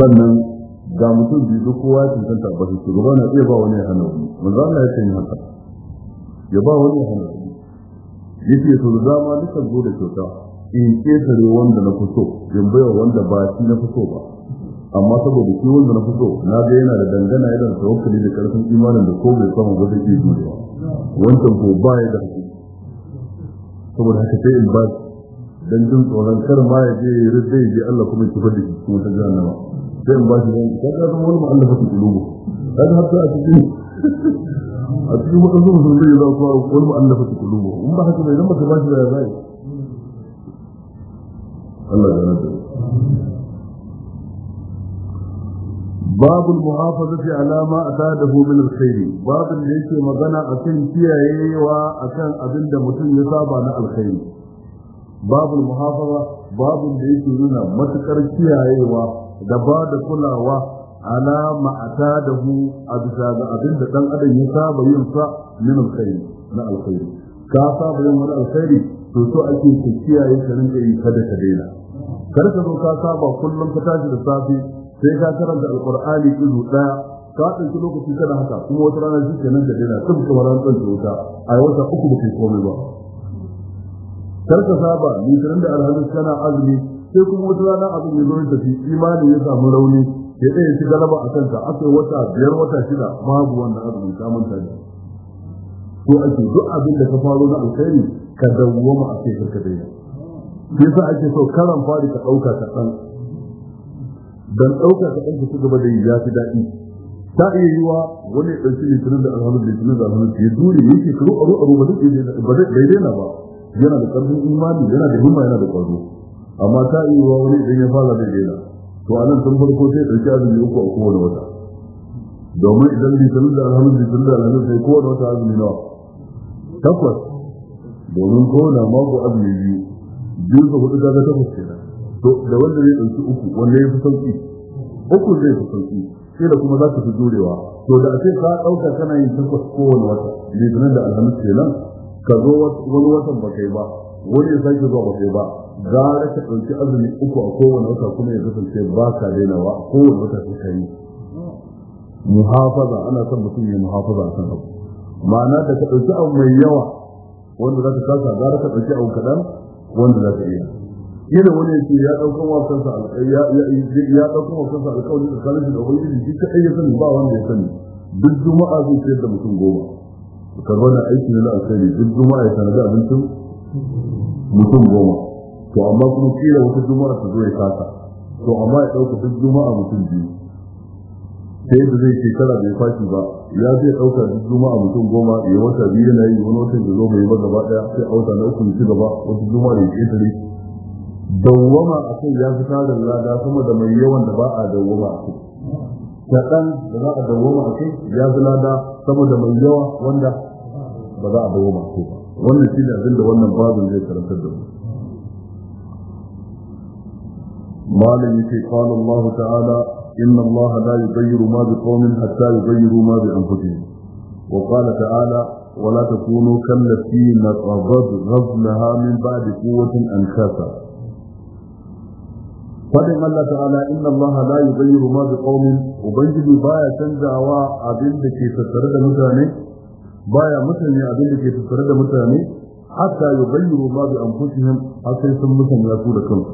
sannan ga mutum biyu duk kowa ya kankanta ba su shugaba na iya ba wani ya hana wani manzo Allah ya ce ni haka ya ba wani ya hana wani Ya ce da dama duka zo da kyauta in ƙetare wanda na fi so in baiwa wanda ba shi na fi so ba amma saboda shi wanda na fito na ga yana da dangana yana da tawakkali da karfin imanin da ko bai samu ba zai iya ba wancan ko ba ya da saboda haka sai in ba dan jin tsoron kar ma ya je ya rufe ya je Allah kuma ya tufar da shi kuma ta ba sai in ba shi dan ka ga wani mu Allah fa kulubu kaga haka a cikin a cikin wadansu sun ya zama kuma wani mu Allah fa kulubu in ba haka bai ba ka ba shi da ya zai Allah ya rabu باب المحافظة على ما أتاده من الخير باب اللي يكي مغنى أكن كيائي وأكن أبن دمتن يتابع الخير باب المحافظة باب اللي يكي هنا متكر كيائي ودباد كلاوة على ما أتاده أبساد أبن دمتن أدن يتابع ينفع من الخير من الخير كافا بيوم الخير تسوء أكي كيائي سننجي كده كدينا karka zo ka saba kullum ka tashi da safe sai ka karanta alqur'ani izu ɗaya, ka ɗauki lokaci kana haka kuma wata rana shi kenan da daina sun kamar an tsanta wuta a wata uku ba kai komai ba kar ka saba litinin da alhamis kana azumi sai kuma wata rana abin ya zo ya tafi ya samu rauni ya ɗaya ci galaba a kanka aka wata biyar wata shida babu wanda azumi ta manta ne ko ake duk abin da ka faro na alkhairi ka dawo ma a kai karka daina yasa ake so karan fari ka ɗauka ka san dan ɗauka ka ɗan ci gaba da yi ya fi daɗi ta iya yi wa wani ɗauki tunan da da tunan da alhamdu ya dole yake kuro aro aro ba zai daina ba yana da ƙarfin imani yana da himma yana da ƙwazo amma ta iya yi wa wani idan ya fara da daina to a nan tun farko sai ɗauki azumi uku a kowane wata domin idan tunan da da tunan da alhamdu sai kowane wata azumi nawa takwas domin kowane mako azumi biyu biyu ga hudu ga takwas kenan to da wanda zai ɗauki uku wanda ya fi sauki uku zai fi sauki sai da kuma za ka fi jurewa to da ake ka ɗauka kana yin takwas kowane wata litinin da alhamis nan, ka zo wani watan ba kai ba wani ya sake zuwa ba kai ba gara ka ɗauki azumi uku a kowane wata kuma ya kasance ba ka dainawa a kowane wata sai ka yi muhafaza ana son mutum ya muhafaza a kan abu ma'ana da ka ɗauki abu mai yawa wanda za ka kasa gara ka ɗauki abu kaɗan wanda za ka iya Yana wani yake ya ɗaukar wa kansa ya ɗaukan ɗaukar alƙawari tsakanin shi da ubangiji shi kaɗai ya sani ba wanda ya sani duk juma'a zai sayar da mutum goma ka zo da aiki na alƙairi duk juma'a ya da abincin mutum goma to amma kuma kila wata juma'a ta zo ya kasa to amma ya ɗauka duk juma'a mutum biyu Ta yadda zai shekara bai fashi ba ya zai ɗauka duk juma'a mutum goma ya wata biyu na yi wani wata da zo bai ba gaba ɗaya sai a wata na uku ya ci gaba wata juma'a da ya ƙetare dawwama a kai ya fi tarin lada kuma da mai yawan da ba a dawwama a kai kaɗan da za a dawwama a kai ya fi lada sama da mai yawa wanda ba za a dawwama a kai ba wannan shi ne abin da wannan babin zai karantar da mu malam yake qala Allahu ta'ala inna Allah la yughayyiru ma biqawmin hatta yughayyiru ma bi anfusihim wa qala ta'ala ولا تكونوا كالتي نقضت غزلها من بعد قوة أنكاسا fadin Allah ta'ala inna Allah la yughayyiru ma biqaumin ubangiji baya canzawa abin da ke tattare da mutane baya mutane abin da ke tattare da mutane hatta yughayyiru ma bi anfusihim a sai sun mutane su da kansu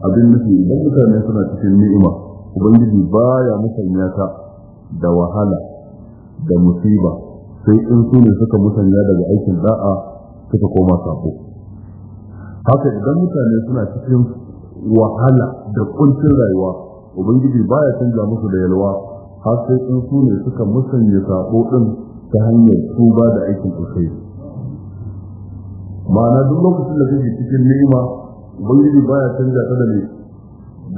abin nufi idan mutane suna cikin ni'ima ubangiji baya musanya da wahala da musiba sai in su ne suka musanya daga aikin da'a suka koma sako haka idan mutane suna cikin wahala da kuncin rayuwa ubangiji baya canza musu da yalwa har sai in su ne suka musanya sako din ta hanyar tuba da aikin kusai. ma'ana duk lokacin da kake cikin ni'ima ubangiji baya canza ta da ne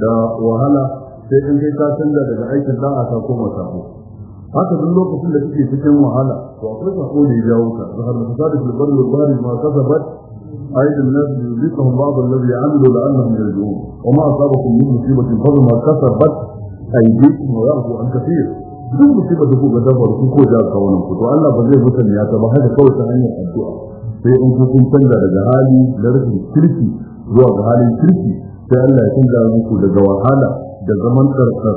da wahala sai in kai ka canza daga aikin dan a sako ma sako haka duk lokacin da kake cikin wahala to akwai sako da ya jawo ka zahar da fasadi fil barri wal bahri ma kasabat أيضا الناس يجبتهم بعض الذي يعملوا لأنهم يجبون وما أصابكم من مصيبة فضل ما كسبت أيديكم ويعفو عن كثير بدون مصيبة تكون بدفع لكم كل جال قوانا كنت وأن الله فضيه بسن يعتبى هذا قوة عن الدعاء في أن تكون تنجى لجهالي لرسم تركي هو جهالي تركي في أن لا يكون جالبك لجوى حالة جزمان كرسر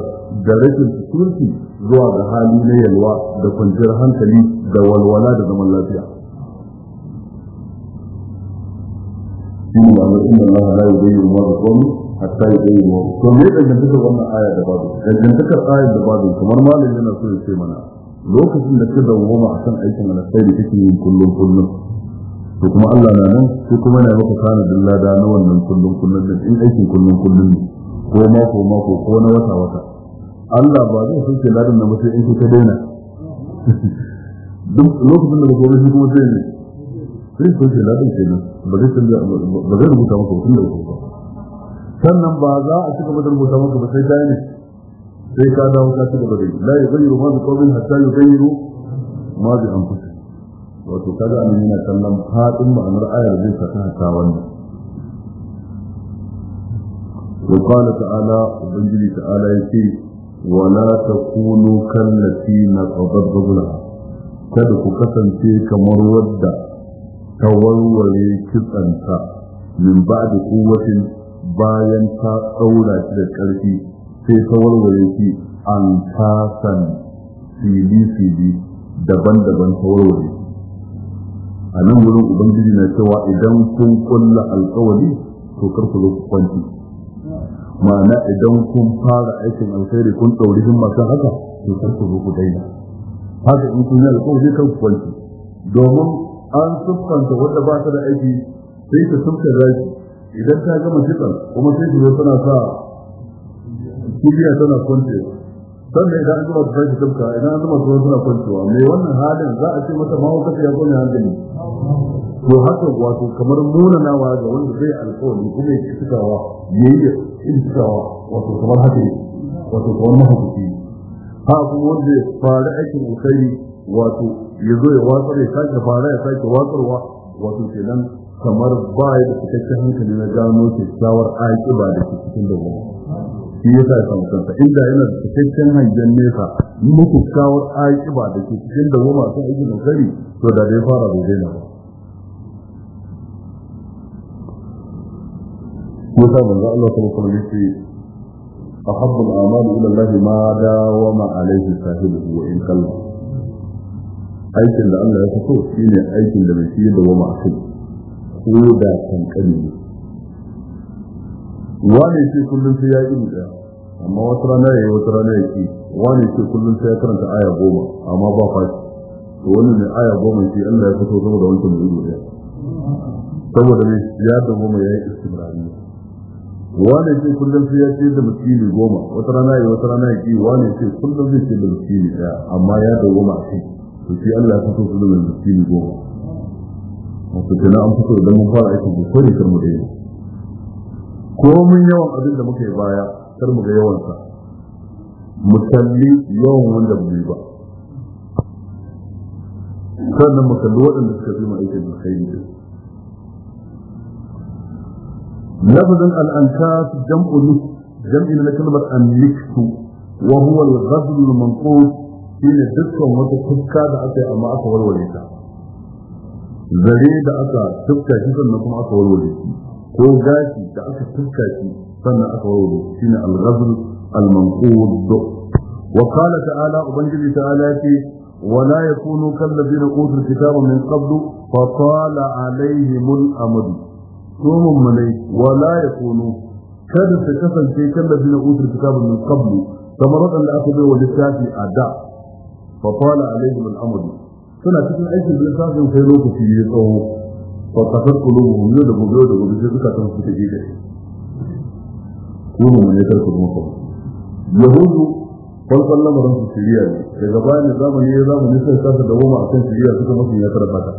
جرسم تركي هو جهالي ليلوى لكم جرهان تليم دوال ولا جزمان لا فيها shi ne ma'anar inda Allah la yubayyin ma bi qawmi hatta yubayyin ma to me dangantakar wannan aya da babu dangantakar aya da babu kamar malamin yana so ya ce mana lokacin da ka dawoma akan aikin alkhairi kake yin kullum kullum to kuma Allah na nan ko kuma na maka kana dillada na wannan kullum kullum da in aikin kullum kullum ne ko mako mako ko na wata wata Allah ba zai sauke ladan na mutum in ka daina duk lokacin da ka gobe shi kuma sai ne sai ko ce ladan ke nan ba zai ba zai rubuta maka hutun da ba sannan ba za a ci gaba rubuta maka ba sai kai ne sai ka dawo ka ci gaba da la yughayyiru ma bi qawmin hatta yughayyiru ma bi anfusihim wato kaga anan yana kallon fadin ma'anar ayar zai ka ta haka wannan وقال تعالى وبنجل تعالى يسير ولا تكونوا كالتي نقضت ضبلها kada ku kasance kamar wadda ta warware kitsanta min ba da kuwatin bayan ta tsaura shi da ƙarfi sai ta warware shi an tasan fili-fili daban-daban ta warware a nan wurin ubangiji na cewa idan kun kulla alkawali to karku zo ku kwanci ma'ana idan kun fara aikin alkhairi kun ɗauri himma kan haka to karku zo ku daina haka in kun yi alkawali kan kwanci domin an siffanta wanda ba ta da aiki sai ta siffanta zaki idan ta gama siffan, kuma sai ta zo tana sa kuliya tana kwancewa sannan idan an zuwa ta zaki idan an zama ta zuwa tana kwancewa mai wannan halin za a ce mata mahaukata ya kone hankali to haka wato kamar nawa ga wanda zai alkawari kuma ya cikawa ya yi ya cikawa wato kamar haka ne wato kamar mahaukaci ha kuma wanda fara aikin kokari wato ya zo ya watsar ya sake fara ya sake watsarwa wato nan kamar ba ya da cikakken hankali na gano kyakkyawar aiki ba da cikin da wani shi sa ya samu kansa inda yana da cikakken hangen nesa muku kyakkyawar aiki ba da cikin da wani masu aiki kari to da dai fara bai daina ba yasa manzo Allah sallallahu alaihi wasallam أحب الأعمال إلى الله ما داوم عليه صاحبه وإن كلمه aikin da Allah ya fito shi ne aikin da mai shi da wama a kai ko da kankani ne wane ce kullum sai ya yi ɗaya, amma wata rana ya yi wata rana ya ce wane ce kullum sai ya karanta aya goma amma ba fashi to wani ne aya goma ce Allah ya fito saboda wancan mai ido ɗaya saboda ne ya da goma ya yi istimrari wane ce kullum sai ya ce da mutini goma wata rana ya yi wata rana ya ce wane ce kullum zai ce da mutini ɗaya amma ya da goma a kai to shi Allah ya fito su da miskini goma wato kenan an fito da mun fara aikin mu ko kar mu daina ko mun yawan abin da muka yi baya kar mu ga yawansa mu kalli yawan wanda mu yi ba sannan mu kalli waɗanda suka fi mu aikin da kai ne lafazin su jam'u jam'i na kalmar anniktu wa huwa al-ghazl al-manqus shine dukkan wata fuska da aka yi amma aka warware ta zare da aka tufka shi sannan kuma aka warware shi ko gashi da aka tufka shi sannan aka warware shi shine al-ghazl al-manqud wa qala ta'ala ubangiji ta'ala wa la yakunu ce ولا يكونوا كالذين اوتوا الكتاب من قبل فطال عليهم الامد ثم من ولا يكونوا كذا تكفن كالذين اوتوا الكتاب min qabl kamar waɗanda aka bai wa littafi a da fa qala alaihim al suna cikin aikin da lissafin kai lokaci ya tsawo fa kasar qulubuhum yau da gobe da gobe sai suka tantance ta gida ko mun ne tarku muku yahudu farkon lamarin su shiriya ne daga bayan yi ya zamani sai kasa da goma akan shiriya suka mutu ya tarbata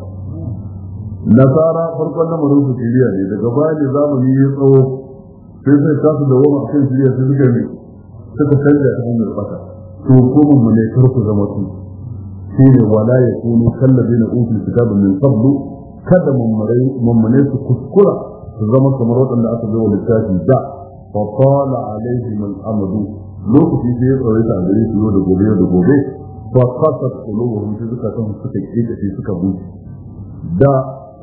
nasara farkon lamarin su shiriya ne daga bayan zamani ya tsawo sai sai kasa da goma akan shiriya suka ne suka canja ta hanyar fata. to ko mu ne ku zama su shi ne wala ya kunu kallabina utul kitab min qablu kada mummune su kuskura su zama kamar waɗanda aka bai wa littafi da fa qala alaihi min amadu lokaci sai ya tsare ta gare su da gobe da gobe fa qasat qulubuhum fi zakatun suka kike da suka bu da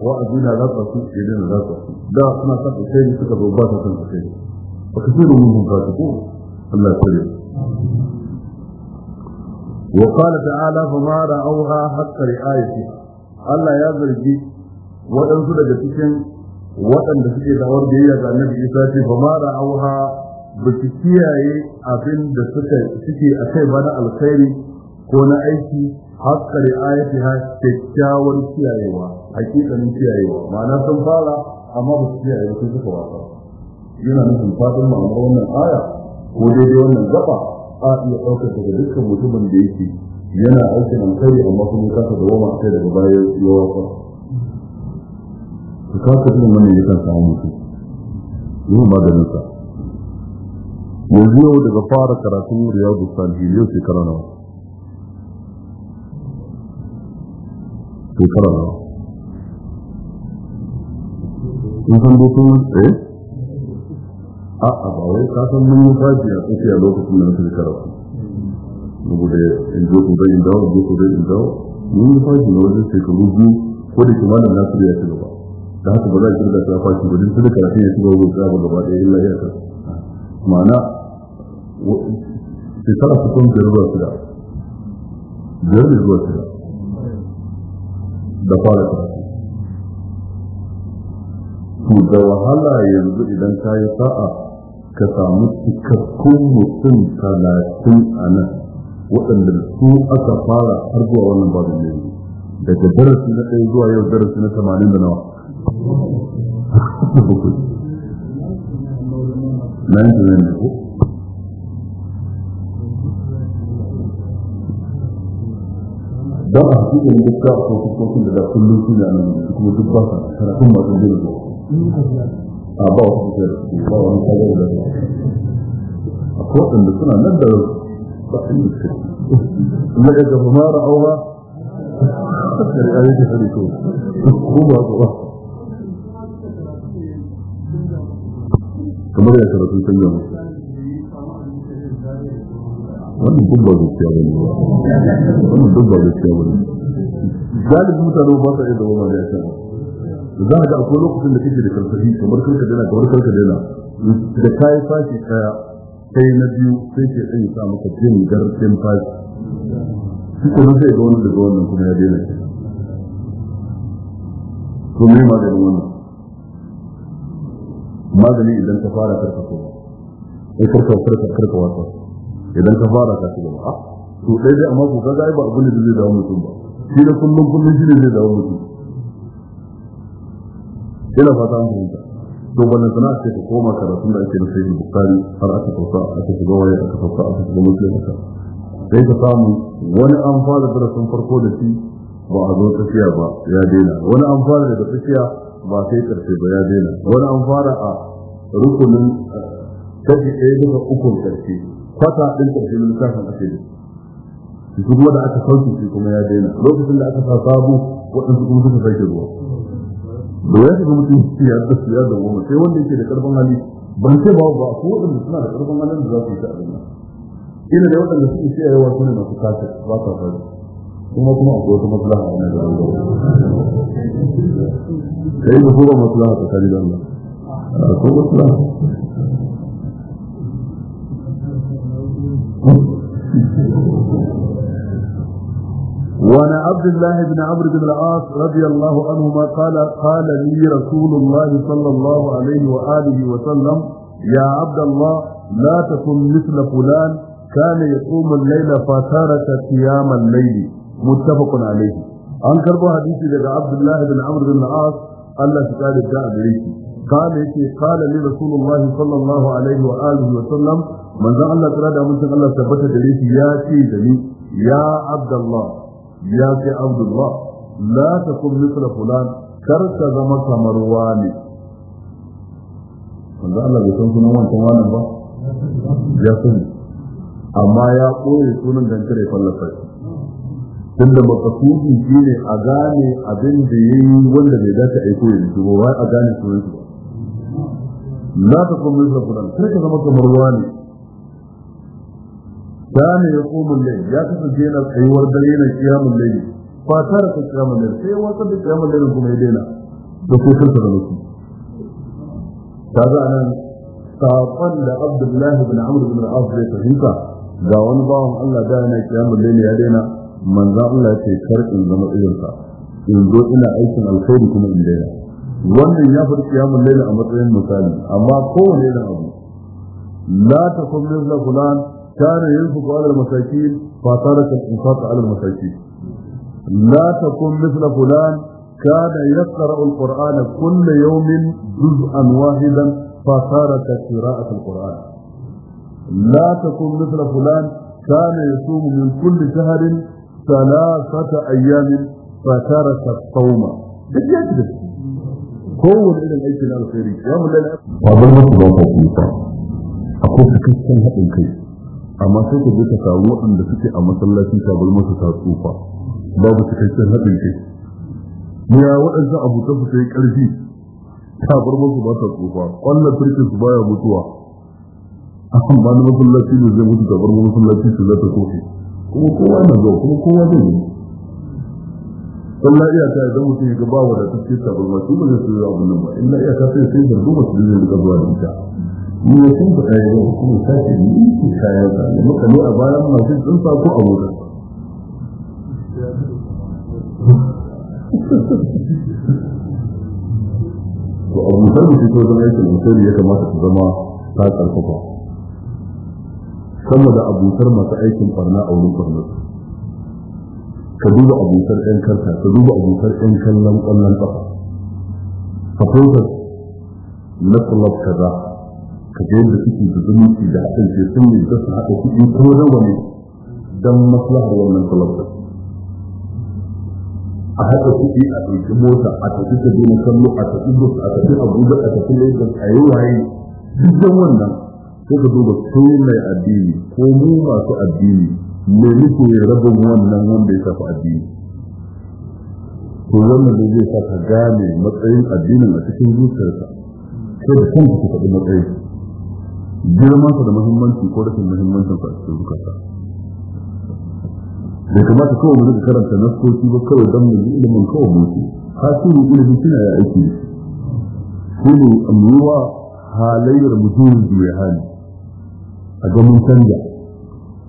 wa'azi na ratsa su ke da ratsa su da suna san sai suka zo ba su san sai fa kasu mun ka ko Allah ya tsare وقال ta'ala فما رأوها حق رعايتها Allah ya zargi waɗansu daga cikin waɗanda suke dawar biyayya ga Annabi Isa ce fa ma ra'auha ba su kiyaye abin da suke a kai ba na alkhairi ko na aiki haƙƙa ri'ayati ha kyakkyawar kiyayewa hakikanin kiyayewa ma'ana sun fara amma ba su kiyaye ba sun suka wasa yana nufin fatan ma'amar wannan aya ko daidai wannan gaba a iya ɗaukar daga dukkan mutumin da yake yana aikin alkhairi amma kuma kasa da wama kai daga baya ya wafa su kasa irin wannan yakan samu mutum yau maganin sa yanzu yau daga fara karatun riyadu salihin yau shekara nawa shekara nawa kun san bukun eh a'a ba wai ka san mun yi fashi a tsakiya lokacin da muka yi karatu saboda in zo ku bai in dawo in zo ku bai in dawo mun yi fashi na wajen shekaru biyu ko da kuma da nasiru ya ci gaba da haka ba za a kirga ta fashi ba don da karatu ya ci gaba zai tsaya gaba ɗaya illa ya ta ma'ana shekara su kun biyar zuwa shida biyar da zuwa shida da fara karatu to da wahala yanzu idan ta yi sa'a ka samu cikakkun mutum talatin a nan waɗanda su aka fara har zuwa wannan babin ne daga darasi na ɗaya zuwa yau darasi na tamanin da nawa na yin tunan ne ko don a hakikin dukkan a kwakwakwakin da da kullum su ne a nan kuma duk ba sa karatun masu jirgin a ba wasu da ba wani kare da a kotun da suna nan da ba a yi su kuma da gaba mara auwa da ya yi da hari to ko ba su ba kamar ya karatun kan yamma wannan duk ba gaskiya bane wannan duk ba gaskiya bane galibin mutane ba sa iya zama da ya za a ga akwai lokacin da kake da karfafi kamar kanka dana kamar kanka dana da kayi fashi kaya sai na biyu sai ke ɗan sa maka jin garfin fashi shi kuma sai ga wani daga wannan kuma ya daina shi. to me maganin wannan magani idan ka fara karkato sai karka karka karka wasa idan ka fara ka ci gaba ah, to dai amma ko ga ba abin da zai dawo mutum ba shi da kullum kullum shi ne zai dawo mutum ina fata mun fahimta to wannan sana ce ka koma karatun da ake na sai bukari har aka kauta aka shiga waye aka kauta aka shiga muslim aka sai ka samu wani an fara darasin farko da shi ba a zo tafiya ba ya daina wani an fara daga tafiya ba sai karfe ba ya daina wani an fara a rukunin kashi ɗaya daga ukun karshe kwata ɗin karshe na lissafin ake da shi kuma da aka sauke shi kuma ya daina lokacin da aka sa sabu waɗansu kuma suka sake zuwa da ya shiga mutum ya da ya da goma sai wanda yake da karfin hali ban ce ba ba ko wanda suna da karfin halin da za su yi ta abin ina da wanda suke ce yawa suna masu kafir ba ta fara kuma kuma akwai wata maslaha a wannan da Allah kai da kuma maslaha ta kare da Allah akwai maslaha Thank you. وعن عبد الله بن عمرو بن العاص رضي الله عنهما قال قال لي رسول الله صلى الله عليه وآله وسلم يا عبد الله لا تكن مثل فلان كان يقوم الليل فصارت قيام الليل متفق عليه an karbo hadisi daga Abdullah ibn Amr ibn al-As Allah ya kare da gare shi kana yake kana ne Rasulullah sallallahu alaihi wa alihi wa sallam manzo Allah tara da mun Allah tabbata da shi ya ce da ni ya Abdullah ya ce abdullah la takun mithla fulan kar ka zama kamar wani wanda Allah bai san sunan wancan wannan ba ya sani amma ya koyi sunan dan kare fallasa tunda makasudi shi ne a gane abin da ya yi wanda bai dace a yi koyi da shi ba wai a gane sunan su ba la takun mithla fulan kar ka zama kamar wani كان يقوم الليل يا تسجينا أي وردلينا قيام الليل فترك قيام الليل سي وقت قيام الليل كما يدينا بس يسلت هذا أنا saƙon da abdullahi bin amr bin al-as fahimta ga wani bawan Allah da yana kiyamul layli ya daina manzo Allah ya ce kar in zama irin in zo ina aikin alkhairi kuma in daina wannan ya fara kiyamul layli a matsayin misali amma kowane irin abu la takun mithla fulan كان ينفق على المساكين فترك الإنفاق على المساكين لا تكن مثل فلان كان يقرأ القرآن كل يوم جزءا واحدا فترك قراءة القرآن لا تكن مثل فلان كان يصوم من كل شهر ثلاثة أيام فترك الصوم duk ya da su kowane irin aikin alkhairi ya mu lalata ba ban musu ba ku ta akwai cikakken haɗin kai amma sai ka je ka samu waɗanda suke a masallacin tabarma su ta tsufa babu cikakken haɗin kai Mu ya waɗansu abu ta fita yi ƙarfi tabarma su ba ta tsufa ƙwallon firkin su baya mutuwa akan ba na masallaci da zai mutu tabarma masallaci su za ta kuma kowa na zuwa kuma kowa zai yi sallah iyaka idan mutum ya ga ba wadatacciyar tabarma su ba zai su yi abin nan ba illa iyaka sai sai zargo masu zai rika zuwa da ita ni ya sun faɗa ya zama kuma ta ce ni ke kayan sa da muka ne a bayan masu tsuntsa ko a wurin to abu misali shi ko zama yake misali ya kamata su zama ta ƙarfafa sama da abutar masu aikin farna a wurin farnar ka duba abutar ɗan karta ka duba abutar ɗan kallon ƙwallon ƙafa a fulfar na kulab kaza ka ga yadda suke da zumunci da haɗin ke sun yi da su haɗa kuɗi ko rawa ne don maslahar wannan talabta a haɗa kuɗi a ɗauki mota a tafi ta gina kallo a tafi bus a tafi abuja a tafi lagos a yi waye duk wannan ko ka duba ko mai addini ko mu masu addini me muke rabin wannan wanda ya tafi addini to wannan da zai sa ka gane matsayin addinin a cikin zuciyarsa sai da kanka ka faɗi matsayin girman sa da muhimmanci ko rashin muhimmancin sa a cikin zukata bai kamata kawai mu karanta nasoci ba kawai don mu ji ilimin kawai mu ce hasiru ilimin suna ya aiki shi ne amuwa halayyar mutum juya hali a ga mun canja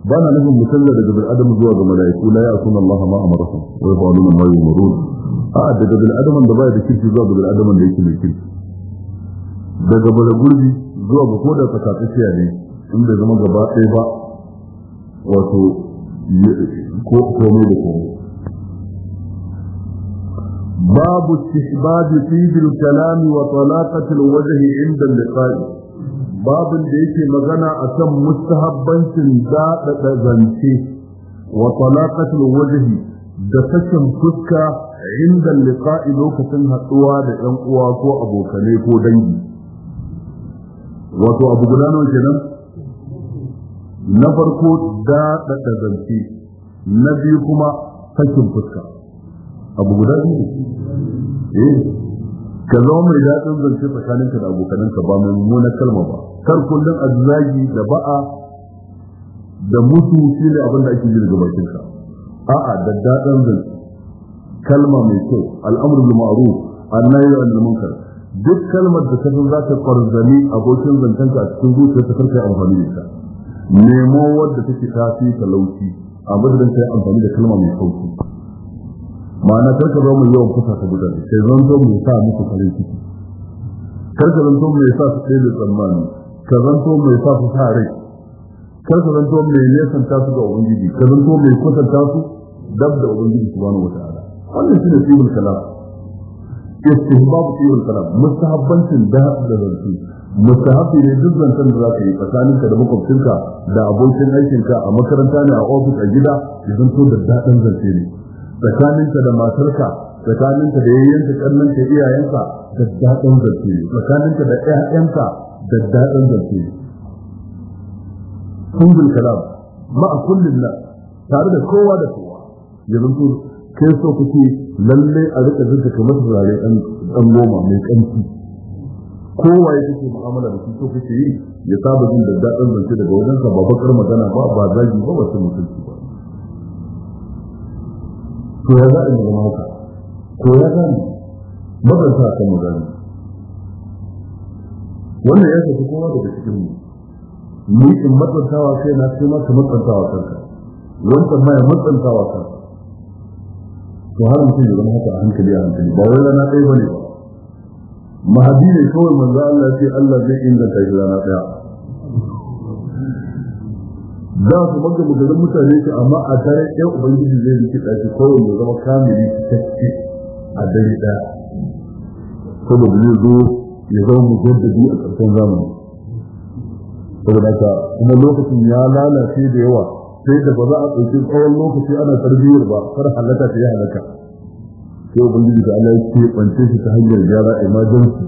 ba na nufin mu daga bil adam zuwa ga mala'iku la ya'sun Allah ma amarakum wa yaf'aluna ma yu'marun a daga bil adam da baya da kirki zuwa ga bil adam da yake mai kirki daga bara gurbi zuwa ga koda tsakatsakiya ne in bai zama gaba ɗaya ba wato ko komai da komai باب استحباب طيب الكلام وطلاقة الوجه عند اللقاء باب da yake magana a kan mustahabbancin da zance wa talaqatul wajhi da sakin fuska inda liqa'i lokacin haɗuwa da ɗan uwa ko abokane ko dangi wato abu guda nawa kenan na farko da da zance na biyu kuma sakin fuska abu guda ne? eh ka zama mai daɗin zance tsakaninka da abokaninka, ba mai mummunar kalma ba kar kullum azzagi da ba'a da mutu shi ne abin da ake yi daga bakinka a'a da daɗin zance kalma mai kyau al'amru bil ma'ruf annahi anil munkar duk kalmar da ta za ta kwarzani abokin zantanka a cikin zuciya ta karka amfani da ita nemo wadda take ta fi talauci a madadin ta yi amfani da kalma mai sauki ma'ana karka zo mai yawan kusa ta gudan sai zan zo mai sa muku farin ciki karka zan zo mai sa su tsaye da tsammani ka zan zo mai sa su sa rai karka zan zo mai nesan ta su ga ubangiji ka zan zo mai kusanta su dab da ubangiji subhanahu wataala wannan ne sibul kalam istihbab fi al-kalam mustahabbancin da da zanci mustahabbi ne duk zancen da zaka yi tsakaninka da makwabcinka da abokin aikinka a makaranta ne a ofis a gida ya zanto da daɗin zance ne tsakaninka da matarka tsakaninka da yayyanka kannanka iyayenka da daɗin zance ne tsakaninka da ƴaƴanka da daɗin zance ne kundul kalam ma'a kullin nas tare da kowa da kowa ya zanto kai so kuke lalle a rika zuka kamar turare dan dan noma mai kanci kowa ya kuke mu'amala da shi so kuke yi ya saba jin da daɗin zance daga wajen sa babakar magana ba ba zagi ba wasu mutunci ba to ya za a yi zama haka to ya gani mazan sa kan magana wannan ya shafi kowa daga cikin mu ni in matsantawa sai na ce ma matsantawa kanka wancan ma ya matsantawa kanka to har mutum ya zama haka a hankali a hankali ba wai rana ɗaya ne ba mahadi ne kawai manzo Allah ce Allah zai inganta shi rana ɗaya za su maka maganin mutane su amma a tare ɗaya ubangiji zai rike ɗaki kawai ya zama kamili cikakke a dare ɗaya saboda zai zo ya zama mujaddadi a ƙarshen zamani saboda haka kuma lokacin ya lalace da yawa Sai yadda ba za a ɗauki tsawon lokaci ana tarbiyyar ba har halaka ta yi halaka sai ubangiji da Allah ya keɓance shi ta hanyar gyara emergency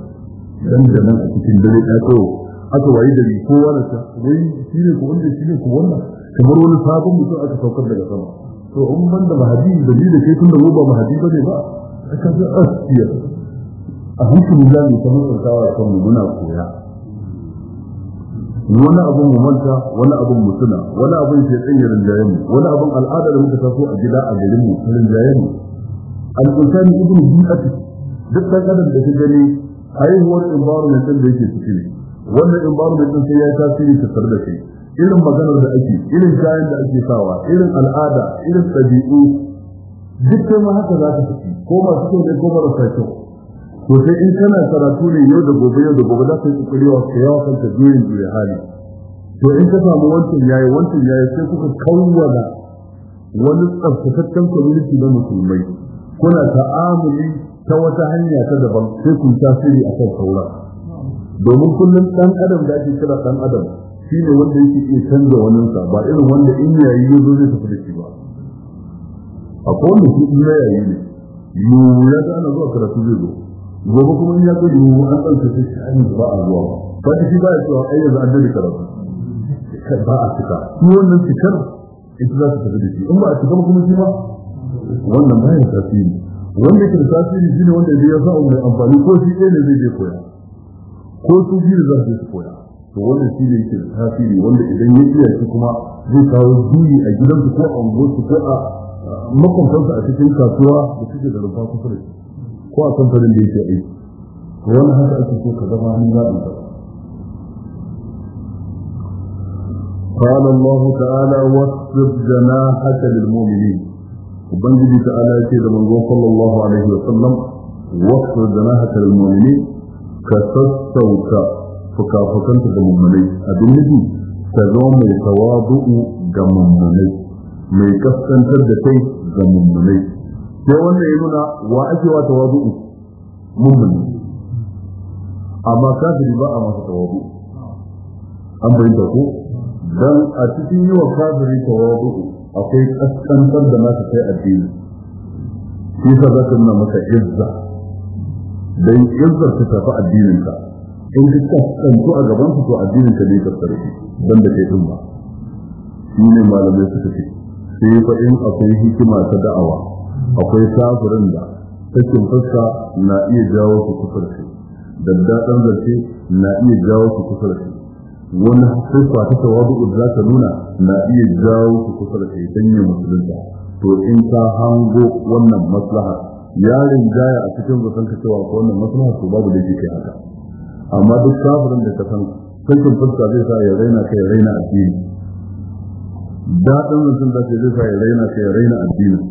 dan da nan a cikin dare ɗaya kawai aka wayi da kowa na ta wai shi ne ku wanda shi ne ku wannan kamar wani sabon mutum aka saukar daga sama to in ban da mahadi da ni da kai tun da mu ba mahadi ba ne ba aka ga asiya ah, a hankali za mu samu tsarkawa a kanmu muna koya wani abin mu wani abin mu wani abun ke tsaye rinjaye mu wani abun al'ada da muka taso a gida a garin mu rinjaye mu al-insani ibnu bi'ati duk dan adam da ta gani haihuwar environment din da yake ciki ne wannan environment din sai ya tasiri ta tare da shi irin maganar da ake irin kayan da ake sawa irin al'ada irin tabi'u duk kai ma haka za ta tafi ko masu kyau ne ko marasa kyau to sai in kana karatu ne yau da gobe yau da gobe za ka yi kokari wa ka yawa kanta juyin juya hali to in ka samu wancan yayi wancan yayi sai kuka kawwala wani tsaftataccen community na musulmai kuna ta'amuli ta wata hanya ta daban sai kun tasiri a kan saura domin kullum dan adam da ake kira dan adam shine wanda yake iya canza wani sa ba irin wanda in yayi yazo zai tafi da shi ba akwai wanda shi in yayi ne mu ya ana zuwa karatu zai zo gobe kuma in ya zo duhu an ɗauke ta shi an ba a zuwa ba ta shi ba ya cewa ai yanzu an dade karatu ba a cika shi wannan cikar ita za su tafi da shi in ba a cika ba kuma shi ba wannan ba ya tafi tasiri wanda ke da tasiri shi ne wanda ya sa mai amfani ko shi ɗaya ne zai je koya ko su biyu za su koya to wanda shi ne ke da tasiri wanda idan ya iya shi kuma zai kawo juyi a gidansu ko a unguwarsu ko a makwabtansu a cikin kasuwa da suke da rumfa kusa da shi ko a kamfanin da yake aiki to wannan haka ake so ka zama ni za a yi قال الله تعالى واصبر جناحك للمؤمنين وبنجي تعالى كده من صلى الله عليه وسلم واصبر جناحك للمؤمنين كسستوك فكافكنت بمؤمنين أدنجي تزوم التواضع جممنين mai kaskantar da kai ga mummunai sai wannan ya nuna wa ake wa tawadu'u mummun amma kafiri ba a masa tawadu an bayyana ko dan a cikin yi wa kafiri tawadu'u akwai kaskantar da nasa kai addini shi ka nuna maka izza dan izza ta tafi addininka. in ka kaskantu a gaban su to addinin ne ka sarki dan da kai din ba shi ne malamai suka ce sai fa in akwai hikima ta da'awa akwai kafirin da sakin fuska na iya jawo su kusa da shi daddaɗan zarce na iya jawo su kusa da shi wani siffa ta tawadu za ta nuna na iya jawo su kusa da shi don ya musulunta to in ka hango wannan maslaha yarin rinjaya a cikin zafin ka cewa ko wannan maslaha to babu da yake haka amma duk kafirin da ka san sakin fuska zai sa ya raina ka ya raina addini daɗin mutum da zai sa ya raina ka ya raina addini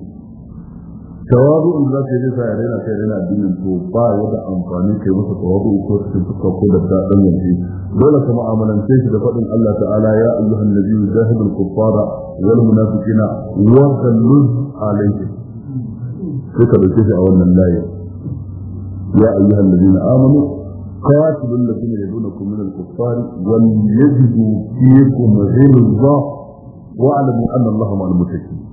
tawazu in za ka yi sa ya raina kai raina addinin to ba ya da amfani kai masa tawazu ko cikin fuska ko da ta dan yanzu dole ka mu'amalance shi da faɗin Allah ta'ala ya ayyuhan nabiyyu jahidul kuffara wal munafiqina wa dallun alayhi sai ka dace shi a wannan layi ya ayyuhan nabiyyu amanu قاتل الذين يدونكم من الكفار وليجدوا فيكم غلظة واعلموا أن الله مع المتقين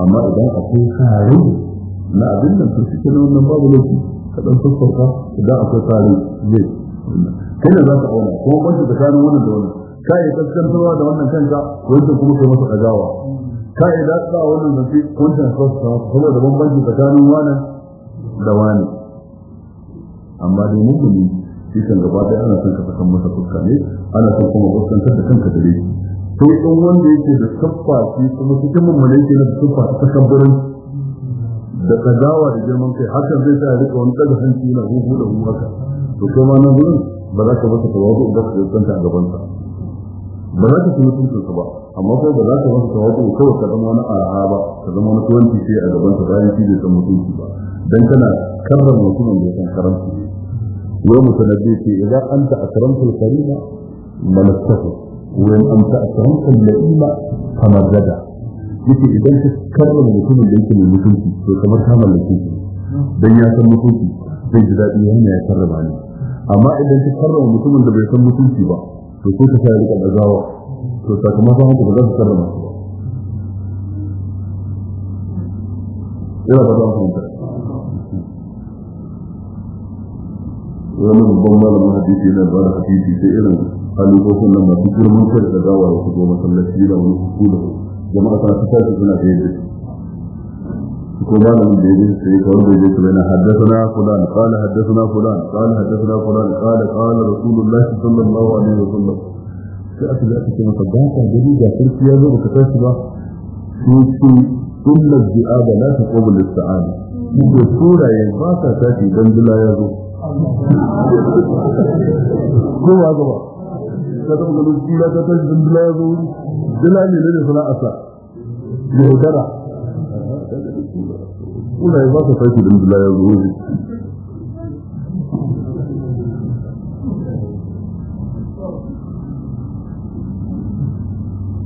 amma idan akwai sare na abin da su cikin wannan babu lokaci ka dan sassauta idan akwai sare zai kai ne za ka auna kuma ba shi tsakanin wannan da wannan ka yi kaskantarwa da wannan kanka wancan kuma kai masa ɗagawa ka yi datsa wannan da zafi wancan sassauta saboda bambanci tsakanin wannan da wani amma dai mummuni shi kan gaba ɗaya ana son ka sakan masa fuska ne ana son kuma fuskantar da kanka da laifi sai in wanda yake da siffa shi kuma cikin mummune yake da siffa ta kabbarin da kazawa da girman kai hakan zai sa ya rika wani daga hanci yana huhu da huhu haka to kai ma nan gurin ba za ka masa tawadu ba ka kanta a gaban sa ba za ka tuni tuntunsa ba amma ko ba za ka masa tawadu kawai ka zama wani araha ba ka zama wani tuwanci sai a gaban sa bayan shi bai san mutunci ba dan kana karrar mutumin da ya san karamci wai musanabbi ce idan anta akramtul karima man tafi wayan amsa asran al-la'ima kamar gada yake idan ka karɓa mutumin da yake mai mutunci to kamar ta mallake shi dan ya san mutunci zai ji daɗi wannan ya karrama ne amma idan ka karrama mutumin da bai san mutunci ba to ko ka sa ya rika dazawa to sakamakon haka ba za ka karrama shi ba ina ba za ku fahimta wani babban malamin hadisi yana ba da hadisi sai irin halibocin nan masu girman kai da gawa da su zo masallaci da wani su da jama'a suna ta tashi suna ta yadda su ko malamin da ya yi sai ka wanda ya ce na haddasana fulan qala haddasana fulan qala haddasana fulan qala qala rasulullah sallallahu alaihi wasallam sai aka ji aka ce masa ba ka gani ga sarki ya zo baka tashi ba sai ce illa zi'aba la taqabul ista'ana da suraye ba ka tashi dan dila ya zo kowa gaba ka taɓa ganin kula ta tashi don zo wuri ne ne da sana'arsa ya hukara kula ya ba ka tashi don dila ya zo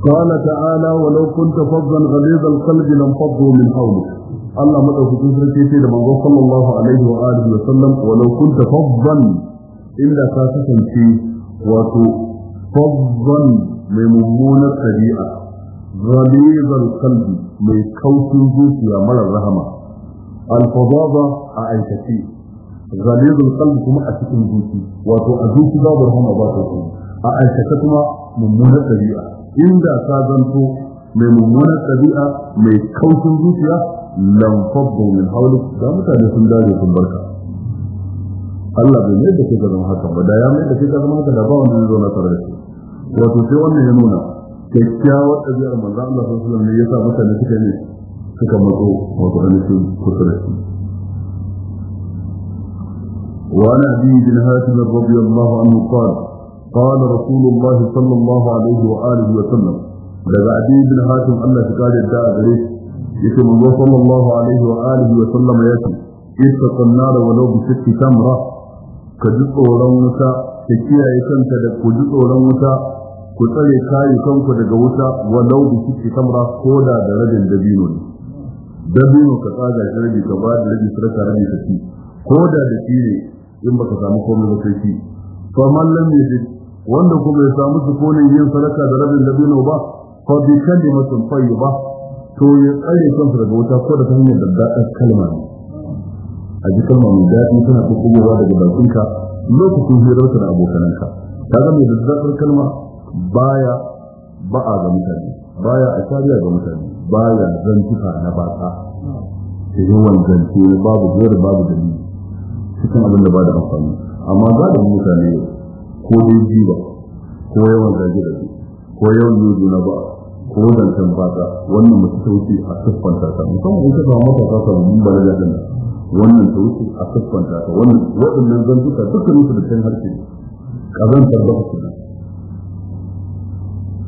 قال تعالى ولو كنت فظا غليظ القلب لانفضوا من حولك Allah madaukakin sarki ce da manzo sallallahu alaihi wa alihi wa sallam walau kunta faddan ka kasance wato faddan mai mummunar ɗabi'a ghalibal qalbi mai kautin zuciya mara rahama al-fadaba a aikace ghalibal qalbi kuma a cikin zuci wato a zuci babu rahama ba ta a kuma mummunar ɗabi'a inda ka zanto mai mummunar ɗabi'a mai kautin zuciya lam faddu min mutane sun dare sun barka Allah bai mai da ke zama haka ba da ya mai da ke zama haka da ba wanda zai zo na tare da shi wato sai wannan ya nuna kyakkyawar ɗabi'ar manzo Allah sallallahu alaihi wasallam ne yasa mutane suka ne suka matso wato ainihin kusa da shi وعن أبي بن هاشم رضي الله عنه قال قال رسول الله صلى الله عليه وآله sallam. daga adi bin hatim Allah ya kare da a gare yake manzo sallallahu alaihi wa alihi wa sallama yake ittaqun nar wa law bi sitti tamra ka ji tsoron wuta ka kiyaye kanta da ku ji tsoron wuta ku tsare kanku daga wuta walau bi shi samra ko da da rabin dabino ne dabino ka tsaga shi rabi ka ba da rabi sarka rabi ka ci ko da da shi ne in baka samu komai ba kai ci fa man lam yajid wanda kuma ya samu ne yin sadaka da rabin dabino ba fa bi kalimatin tayyiba to ya tsare kansa daga wuta ko da ta da da kalma ne a ji kalma mai daɗi tana ta daga bakinka lokacin hirarka da abokananka ka ga mai daddaɗar kalma baya ba'a ga mutane baya a shari'a ga mutane baya zantuka na baka da yawan ce babu zuwa babu dalili cikin abin da ba da amfani amma za da mutane ko dai jiwa ko yawan zage da su ko yawan yi na ba ko zancen baka wannan ta wuce a siffanta ta musamman in ka samu mata ta samu mun ba da wannan ta wuce a siffanta ta wannan waɗannan zantuka dukkan su da kan harshe Ƙazantar da su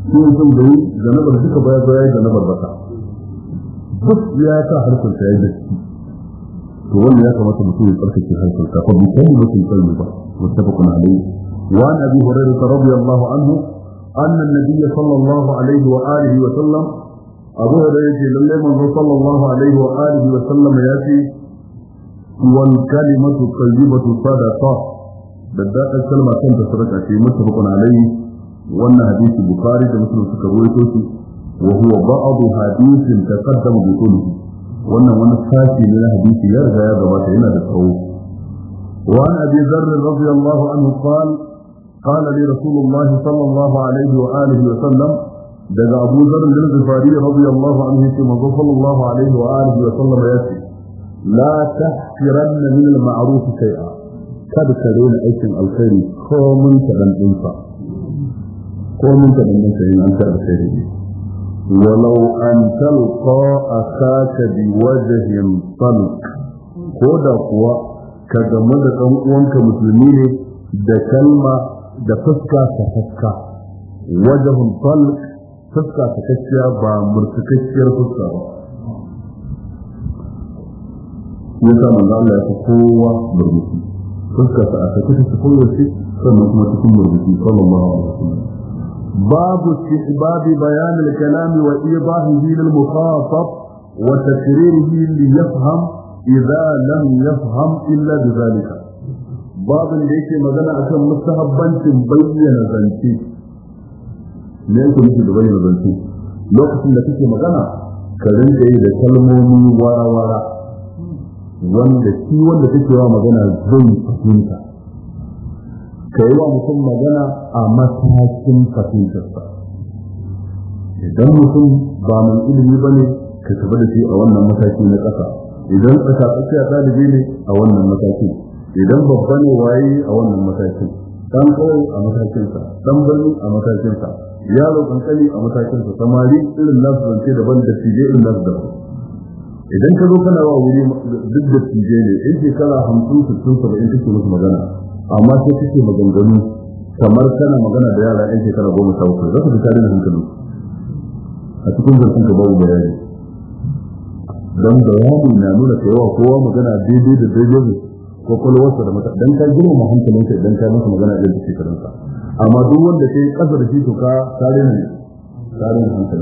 shi ne sun da yi zanabar duka baya baya yi zanabar bata duk ya sa harkar ta yi da shi to wannan ya kamata mutum ya tsarkake harkar ta kuma mutum ba su kalmi ba muttafaqun alayhi wa an abi hurairah radiyallahu anhu anna an-nabiy sallallahu alaihi wa alihi wa sallam abu hurairah ce lalle manzo sallallahu alaihi wa alihi wa sallam ya ce wal kalimatu tayyibatu sadaqa da da kalma kanta sadaka ce muttafaqun alayhi wannan hadisi bukhari da muslim suka rawaito shi wa huwa ba'd hadisin taqaddama bi kulli wannan wani sashi ne na hadisi ya riga ya gabata yana da tsawo wa an abi dharr radiyallahu anhu qala qala li rasulullah sallallahu alaihi wa alihi wa sallam daga abu dharr al-ghifari radiyallahu anhu ce manzo sallallahu alaihi wa alihi wa sallam ya ce la tahqiranna min al-ma'ruf shay'a kada ka daina aikin alkhairi ko mun dan ɗinsa ko mun ta dan sai an ta da sai walau an talqa akaka bi wajhin talq ko da kuwa ka gamu da dan uwanka musulmi ne da kalma da fuska ta fuska wajhun talq fuska ta kaciya ba murtukacciyar fuska ba yasa manzo Allah ya kowa murmushi fuska ta aka kace ta kowace sannan kuma cikin murmushi sallallahu alaihi wasallam باب استحباب بيان الكلام وإيضاحه للمخاطب وتكريره ليفهم إذا لم يفهم إلا بذلك باب اللي يكي مدنة أكام مستحبا تبين زنتي لأن مثل تبين زنتي لو اللي تكي مدنة كذلك إذا لكلموني ورا ورا wanda shi wanda take wa magana zai fahimta ka yi wa mutum magana a matakin fahimtarsa idan mutum ba mai ilimi ba ne ka tafi da shi a wannan mataki na ƙasa idan ƙasa tsakiya ɗalibi ne a wannan matakin idan babba ne waye a wannan matakin dan kawai a matakinsa dan birni a matakinsa yaro kankani a matakinsa samari irin nasu zance daban da fije irin nasu daban idan ka zo kana wa wuri duk da fije ne in shekara hamsin sittin saba'in kake musu magana amma sai kake maganganu kamar kana magana da yara ɗan shekara goma sha uku za ku fi tarihin hankali a cikin zarfin ka babu bayani don bayani na nuna ta yawa kowa magana daidai da daidai ne kwakwalwarsa da mata dan ka gina ma ka idan ka masa magana ɗan da ka amma duk wanda ke ƙasa da shi to ka tarihin tarihin ka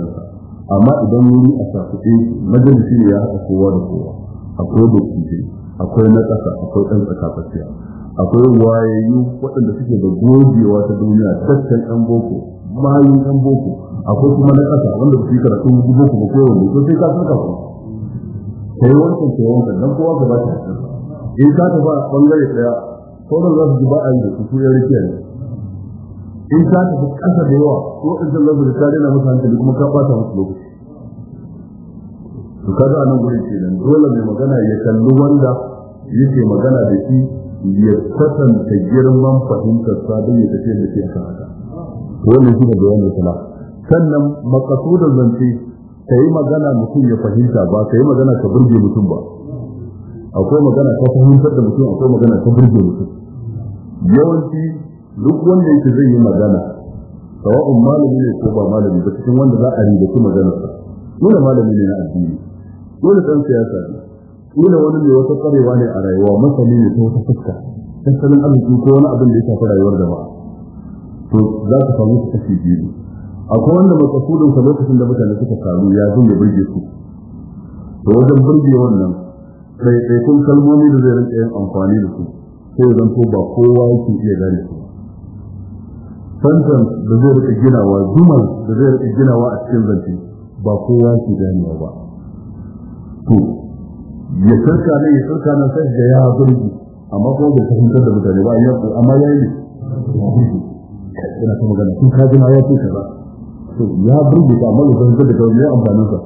amma idan wuri a sakuɗe majalisi ne ya haɗa kowa da kowa akwai dokin akwai na ƙasa akwai ɗan tsaka akwai wayayyu waɗanda suke da gogewa ta duniya tattan ɗan boko bayan ɗan boko akwai kuma na ƙasa wanda su yi karatu boko ba kowanne ko sai ka saka Ta yi wancan yi wancan don kowa gaba ta in ka tafi a bangare ɗaya sauran za su ji ba a yi da su su yare ne in ka tafi ƙasa da yawa ko in zan lafi da ta na masa hankali kuma ka ɓata musu lokaci to kaga anan gurin nan, dole mai magana ya kalli wanda yake magana da shi ya kwatanta girman fahimtar sa don ya tafi da shi akan haka wannan shi ne bayanin salaf sannan makasudan zance ka yi magana mutum ya fahimta ba ka yi magana ka burge mutum ba akwai magana ka fahimtar da mutum akwai magana ka burge mutum yawanci duk wanda yake zai yi magana sawa'un malami ne ko ba malami ba cikin wanda za a magana maganarsa dole malami ne na addini dole ɗan siyasa ne kila wani mai wata tsarewa ne a rayuwa masani ne ta wata fuska tattalin arziki ko wani abin da ya shafi rayuwar ba to za ka samu su kashi biyu akwai wanda kasudin sa lokacin da mutane suka samu ya zo ya burge su to wajen burge wannan ɗaiɗaikun kalmomi da zai rinƙa yin amfani da su sai zan to ba kowa yake iya gane su sentence da zai rika ginawa zuman da zai rika ginawa a cikin zance ba kowa yake ganewa ba to ya sarka ne ya sarka na sai da ya burge amma ko bai fahimtar da mutane ba ya amma ya yi ina ta magana kun ka ji ma ya ce kaza to ya burge ba amma bai fahimtar da kawai ya amfanin sa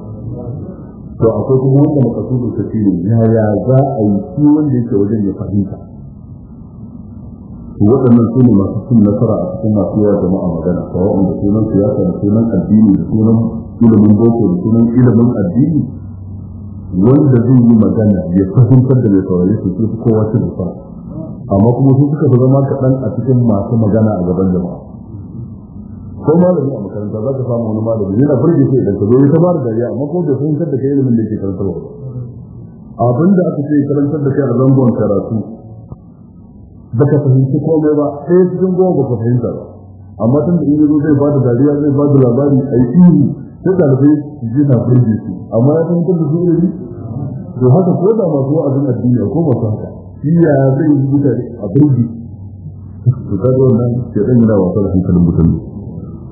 to akwai kuma wanda makasudin sa ne ya ya za a yi shi wanda yake wajen ya fahimta to waɗannan su ne masu cin nasara a cikin masu yawa jama'a magana sawa'un da sunan siyasa da sunan addini da sunan ilimin boko da sunan ilimin addini wanda zai yi magana ya fahimtar da mai saurari su fi kowa cin nasara amma kuma sun suka fi zama kaɗan a cikin masu magana a gaban jama'a ko malami a makaranta za ka samu wani malami yana burge shi idan ka zo ta fara da dariya amma ko bai fahimtar da kai ilimin da ke karantarwa ba abin da aka ce karantar da kai a zangon karatu ba ka fahimci komai ba sai cikin goma ba ka fahimta ba amma tun da in zo zai ba da dariya zai ba da labari a yi ihu sai ɗalibai na burge su amma ya san da su ilimi to haka ko da masu wa'azin addini ko masu haka shi ya zai yi mutane a burge to ka ga wannan ke dan yana wasa da hankalin mutane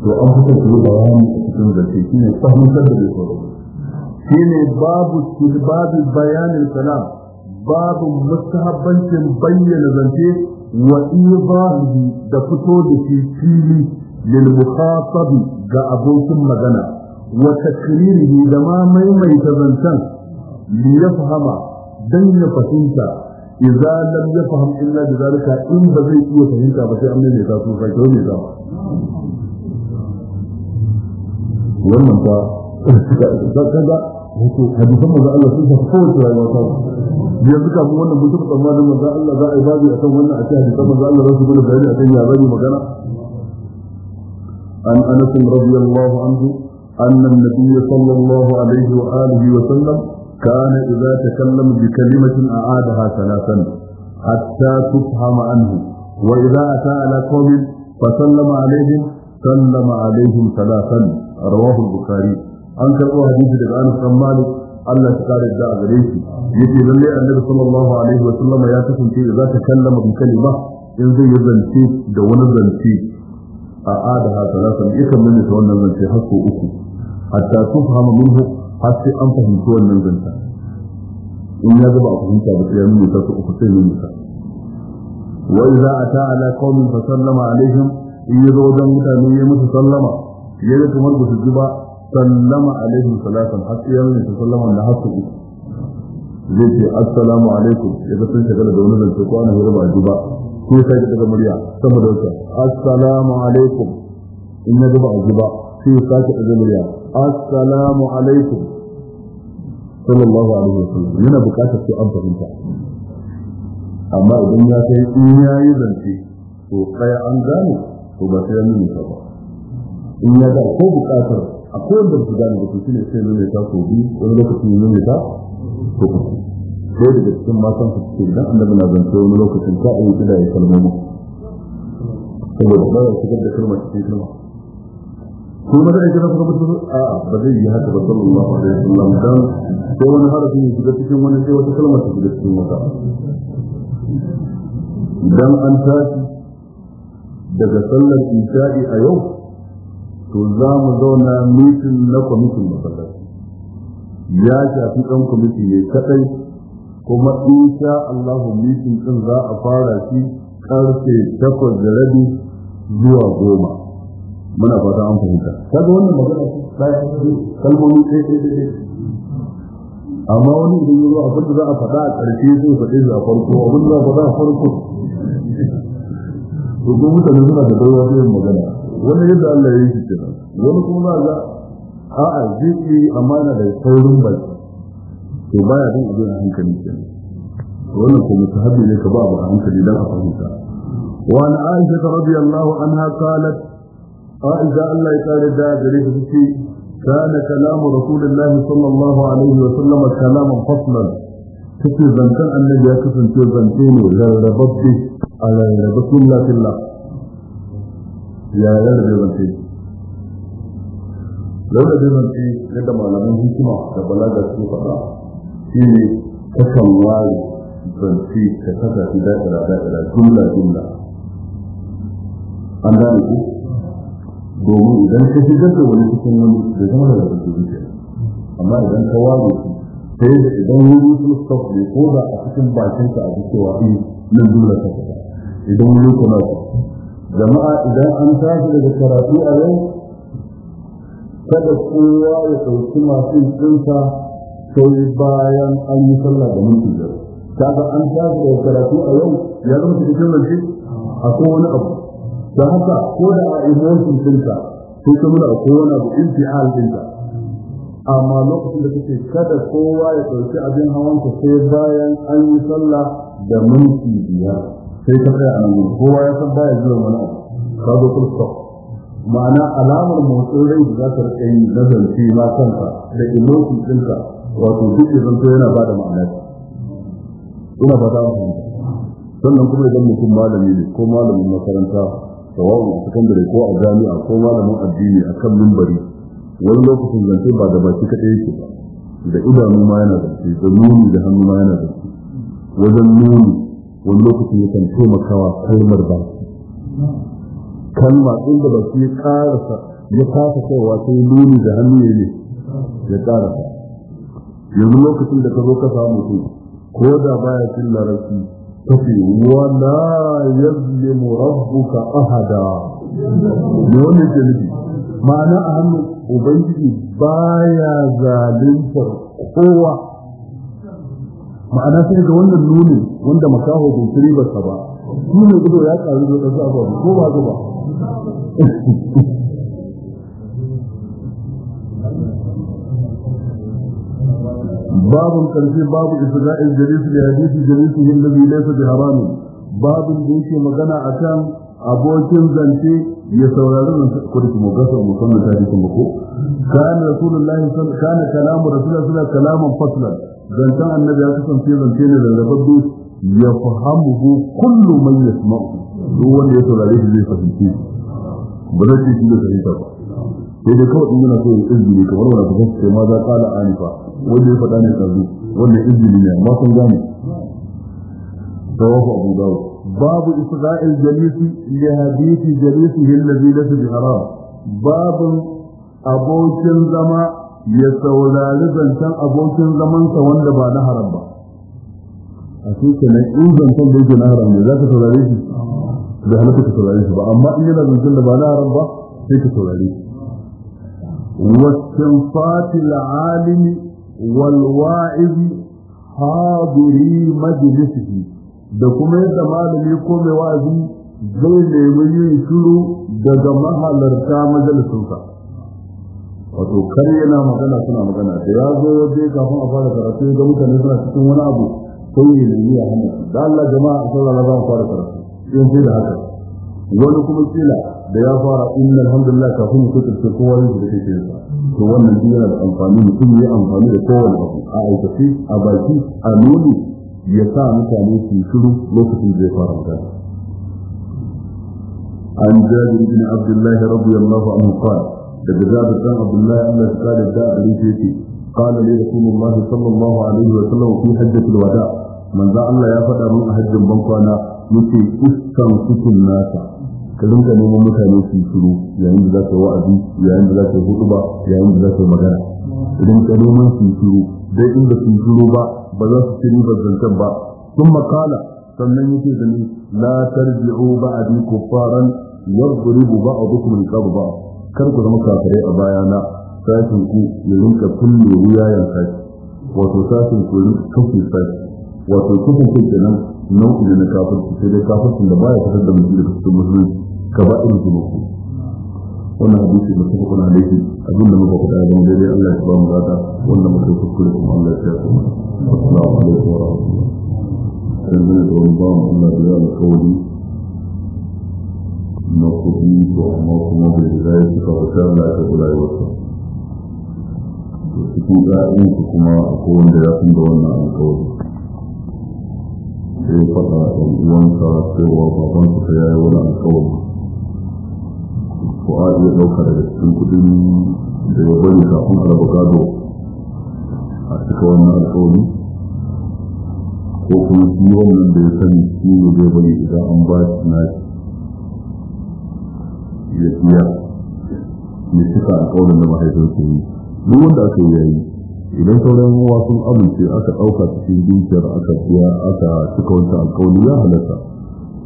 to an fito su yi bayani a cikin zance shi ne fahimtar da bai tsoro shi ne babu babu bayanin salam babu mustahabbancin bayyana zance wa ibahi da fito da shi fili lil mukhatabi ga abokin magana wa takririhi da ma maimaita zancan ya yafhama dan ya fahimta idza lam yafham illa bi zalika in ba zai iya fahimta ba sai an ne ta su sai dole za wannan ba kaga wato hadisan manzo Allah sun shafi kowace rayuwa ta yanzu kafin wannan mutum tsammanin manzo Allah za a yi babu akan wannan a cikin hadisan manzo Allah za su gudu bayani akan ya zai magana an Anas radiyallahu anhu أن النبي صلى الله عليه وآله وسلم كان إذا تكلم بكلمة أعادها ثلاثا حتى تفهم عنه وإذا أتى على قوم فسلم عليهم سلم عليهم ثلاثا رواه البخاري أنكر أوه حديث الآن عن مالك الله تعالى جاء غريب يجي لله النبي صلى الله عليه وسلم يا تكنتي إذا تكلم بكلمة إن زي زنتي دون زنتي أعادها ثلاثا إيه كم من يتوانا زنتي حقه أكو hatta tufhama minhu har sai an fahimci wannan zanta in ya zaba a fahimta ba sai ya nuna ta uku sai nuna ta wa idza ata ala qaumin fa sallama alaihim in yazo wajen mutane ya musu sallama ya ga kamar ba su ji ba sallama alaihim salatan har sai ya nuna sallama da har uku zai ce assalamu alaikum ya ga sun shagala da wani zance ko ana hira ba ji ba ko sai daga murya sama da wata assalamu alaikum in ya zaba a ji ba sai ya sake ajiye murya assalamu alaikum sallallahu alaihi wasallam yana bukatar sai an fahimta amma idan ya kai in ya yi zance to ɗaya an gane to ba sai ya nuna ta ba in ya ga ko bukatar akwai wanda su gane da su shine sai nuna ta ko bi wani lokacin nuna ta ko kuma sai daga cikin matan su cikin dan annabi na zance wani lokacin ta ayi kida ya kalmomi saboda ba ya shigar da kalmar cikin kalmar ko maza da kira kuma mutu a ba zai yi haka ba sallallahu alaihi wasallam dan ko wani harafi ne shiga cikin wani sai wata kalmar ta shiga cikin wata dan an tashi daga sallar isha'i a yau to za mu zauna mutum na kwamitin masallaci ya shafi ɗan kwamiti ne kaɗai kuma insha Allahu mutum ɗin za a fara shi karfe takwas da rabi zuwa goma muna fata an fahimta kaga wannan magana ɗaya kalmomi ɗaya ɗaya ɗaya amma wani idan yi a da za a faɗa a ƙarshe zai faɗe shi a farko abin da za a a farko to kuma mutane suna da baiwa ta yin magana wani yadda Allah ya yi shi kenan wani kuma za a a'a zai yi amana da saurin baki to baya bin abin hankali kenan wannan kuma sahabi ne ka ba ba hankali da ka fahimta وعن عائشة رضي الله عنها قالت عائشة الله تعالى دا جريح كان كلام رسول الله صلى الله عليه وسلم كلاما فصلا تكي زنتان النبي يكسن تي زنتيني لربطي على ربط الله في الله يا يا ربي زنتيني لو ربي زنتي لدى معلمين هكما تبلاغ في فقا شيني تكالله زنتي تكتا في دائرة دائرة جملة جملة عندنا domin idan ka shigar da wani cikin wani da zama da su zuciya amma idan ka ware su sai idan wani sun stop ne ko da a cikin bakin ka a cewa wani eh, nan dole ka fita idan wani kuma ka jama'a idan an tashi daga karatu a yau kada kowa ya ɗauki masu ɗinsa sai bayan an yi sallah da minti Ta kaga an tashi daga karatu a yau ya zama cikin rance a kowane abu da haka ko da a emotion ɗinka sai ka mura ko wani abu intihal ɗinka amma lokacin da kake kada kowa ya ɗauki abin hawan ka, sai bayan an yi sallah da minti biyar sai ka kai a nan kowa ya san baya zuwa wani abu ka zo kurkusa ma'ana alamar motsin rai da za ta rika yi na ma kanka da emoji ɗinka wato duk da zanto yana ba da ma'ana ina ba za mu sannan kuma idan mutum malami ne ko malamin makaranta tawawu a sakandare ko a jami'a ko malamin addini a kan mimbari wani lokacin zance ba da baki kaɗai yake ba da idanu ma yana zance da nuni da hannu ma yana zance wajen nuni wani lokacin yakan taimakawa kalmar ba kalma inda ba ya karasa ya kasa kaiwa sai nuni da hannu ne ya karasa yanzu lokacin da ka zo ka samu mutum ko da baya cin larabci tafi wala yazlimu rabbuka ahada ne wani ke nufi ma'ana a hannun ubangiji baya zaluntar kowa ma'ana sai ga wannan nuni wanda makaho bai tiri ba ba nuni gudu ya karu da wasu abubuwa ko ba zuba babun karshe babu isra'il jalis da hadisi jalisi alladhi laysa bi haram babun da yake magana akan abokin zance ya saurari nan kuma gasa musamman ta jikin mako kana rasulullahi kana kalamu rasulullahi sallallahu kalaman faslan zantan annabi ya kasance zance ne da rababbu ya fahamu kullu man yasma'u duk wanda ya saurare shi zai fahimce ba zai ce shi da fahimta ba sai dai kawai in yana so kamar ta anifa wanda ya faɗa ne kazu wanda izini ne amma sun gane tawafu abu dawo babu isra'il jalisi li hadithi jalisihi alladhi laysa bi haram babu abokin zama ya saurari zancen abokin zamansa wanda ba na haram ba a cikin na in zancen da yake na haram ne za ka saurare shi da halatta ka saurare shi ba amma in yana zancen da ba na haram ba sai ka saurare shi واستنفات العالم والواعظ حاضري مجلسه da kuma yadda malami ko mai wa'azi zai nemi yin shiru daga mahalarta majalisunsa wato kar yana magana suna magana da ya zo waje kafin a fara karatu ga mutane suna cikin wani abu sai ya nemi ya hana da Allah jama'a sallallahu alaihi wasallam fara karatu sai da haka wani kuma kila da ya fara inna alhamdulillah kafin mutum kirkir kowa yin shi da kai kinsa to wannan duk yana da amfani mutum ya amfani da kowane abu a aikace a baki a nuni ya sa mutane su shiru lokacin da ya fara magana An جابر بن Abdullahi الله رضي الله عنه قال daga jabir dan abdullahi Allah ya kare da gare shi yake qala li rasulullah sallallahu alaihi wa sallam fi hajjatul wada manzo Allah ya faɗa mun a hajjin ban kwana yace iskan kutun nasa ka rinka neman mutane su shiru yayin da za ka wa'azi yayin da za ka huduba yayin da za ka magana Idan rinka neman su shiru dai inda su shiru ba ba za su ci ribar zancen ba sun makala sannan yake da ni la tarji'u ba'di kuffaran yadribu ba'dukum riqaba ba kar ku zama kafirai a bayana sashin ku ya rinka kulle wuyayen sashi wato sashin ku rinka kafin sashi wato kufin kenan nau'i na kafirci sai dai kafircin da baya fitar da mutum da cikin musulunci kaba'ir zunubi wannan hadisi da kuma kuna da shi abin da muka faɗa da daidai Allah ya ba mu gata wanda muka kuskure kuma Allah ya shafe mu assalamu alaikum wa rahmatullahi dan ne da wani ba mu Allah da ya na kuɗi to amma kuma da zai suka wata Allah ya kula ya wata cikin ra'ayin kuma akwai wanda ya san da wannan alƙawari sai faɗa ɗan uwansa cewa babansa ta yi wani alƙawari ko a iya ɗauka daga cikin kuɗin da ya bari kafin a gado a cika wannan alƙawari ko kuma shi wannan da ya sani shi ne zai bari idan an ba shi na ya biya ya cika alƙawarin da mahaifinsa yi duk wanda aka yi yayi idan sauran ruwa sun amince aka ɗauka cikin dukiyar aka biya aka cika wancan alƙawari ya halatta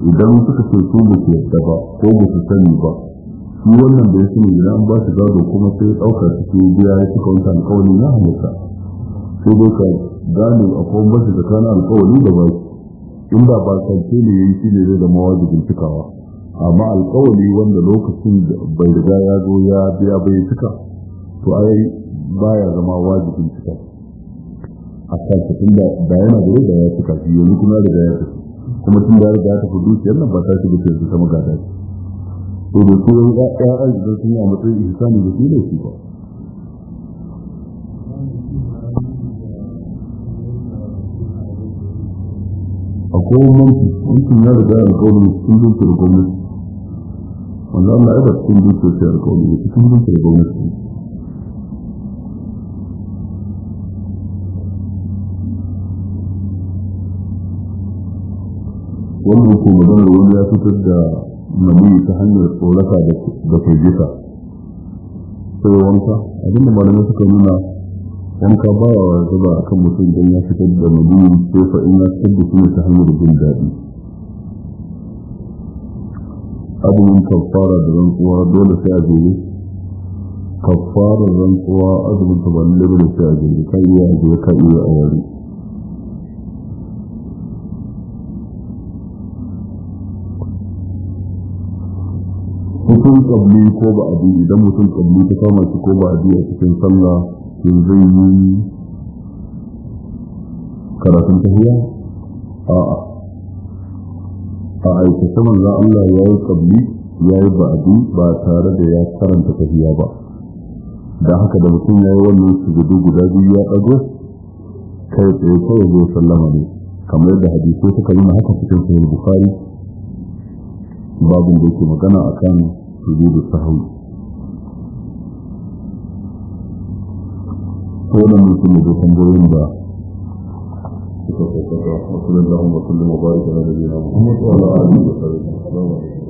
idan suka ce su ba su yadda ba ko ba su sani ba shi wannan da ya sani da an ba shi gado kuma sai ya ɗauka cikin biya ya cika wata alkawali na halitta sai dai ka gane a kowane bashi tsakanin alkawali da ba in ba ba kance ne ya yi shi ne zai zama wajibin cikawa amma alkawali wanda lokacin da bai riga ya zo ya biya bai cika to ai baya zama wajibin cika a kanta tun da da yana da yadda ya cika shi yanzu kuma da ya tafi kuma tun da ya riga ya tafi dukiyar nan ba ta shiga ta zama gada ce to da su yan ƴaƴan da sun yi a matsayin ihsani da su ne su ba akwai manci mutum ya riga alƙawarin cikin da gwamnati wanda Allah ya ba cikin zuciyar alƙawarin cikin zuciyar gwamnati wannan ko maganar wani ya fitar da maniyi ta hanyar tsoraka da firgita sai wanka abin da malamai suka nuna wanka ba wa zaba a kan mutum don ya fitar da maniyi sai fa in ya fitar da shi ta hanyar jin daɗi azumin kafara da rantsuwa dole sai a jere kafarar rantsuwa azumin ta ba lalle sai a jere kan iya a jere kan iya a wari kabli ko ba a biyu idan mutum kabli ta kama shi ko ba a biyu a cikin sallah shin zai yi karatun tahiya a'a a aikace manzan Allah ya yi kabli ya yi ba'adi ba tare da ya karanta tahiya ba da haka da mutum ya yi wannan sujudu guda biyu ya ɗago kai tsaye kawai zai sallama ne kamar yadda hadisai suka nuna haka cikin sahih bukhari babin da yake magana akan sujudu sahwi ko mutum da tambayoyin da suka kokata wasu da Allah ko sallam wa barika ko nabiyyina Muhammad wa ko alihi wa sahbihi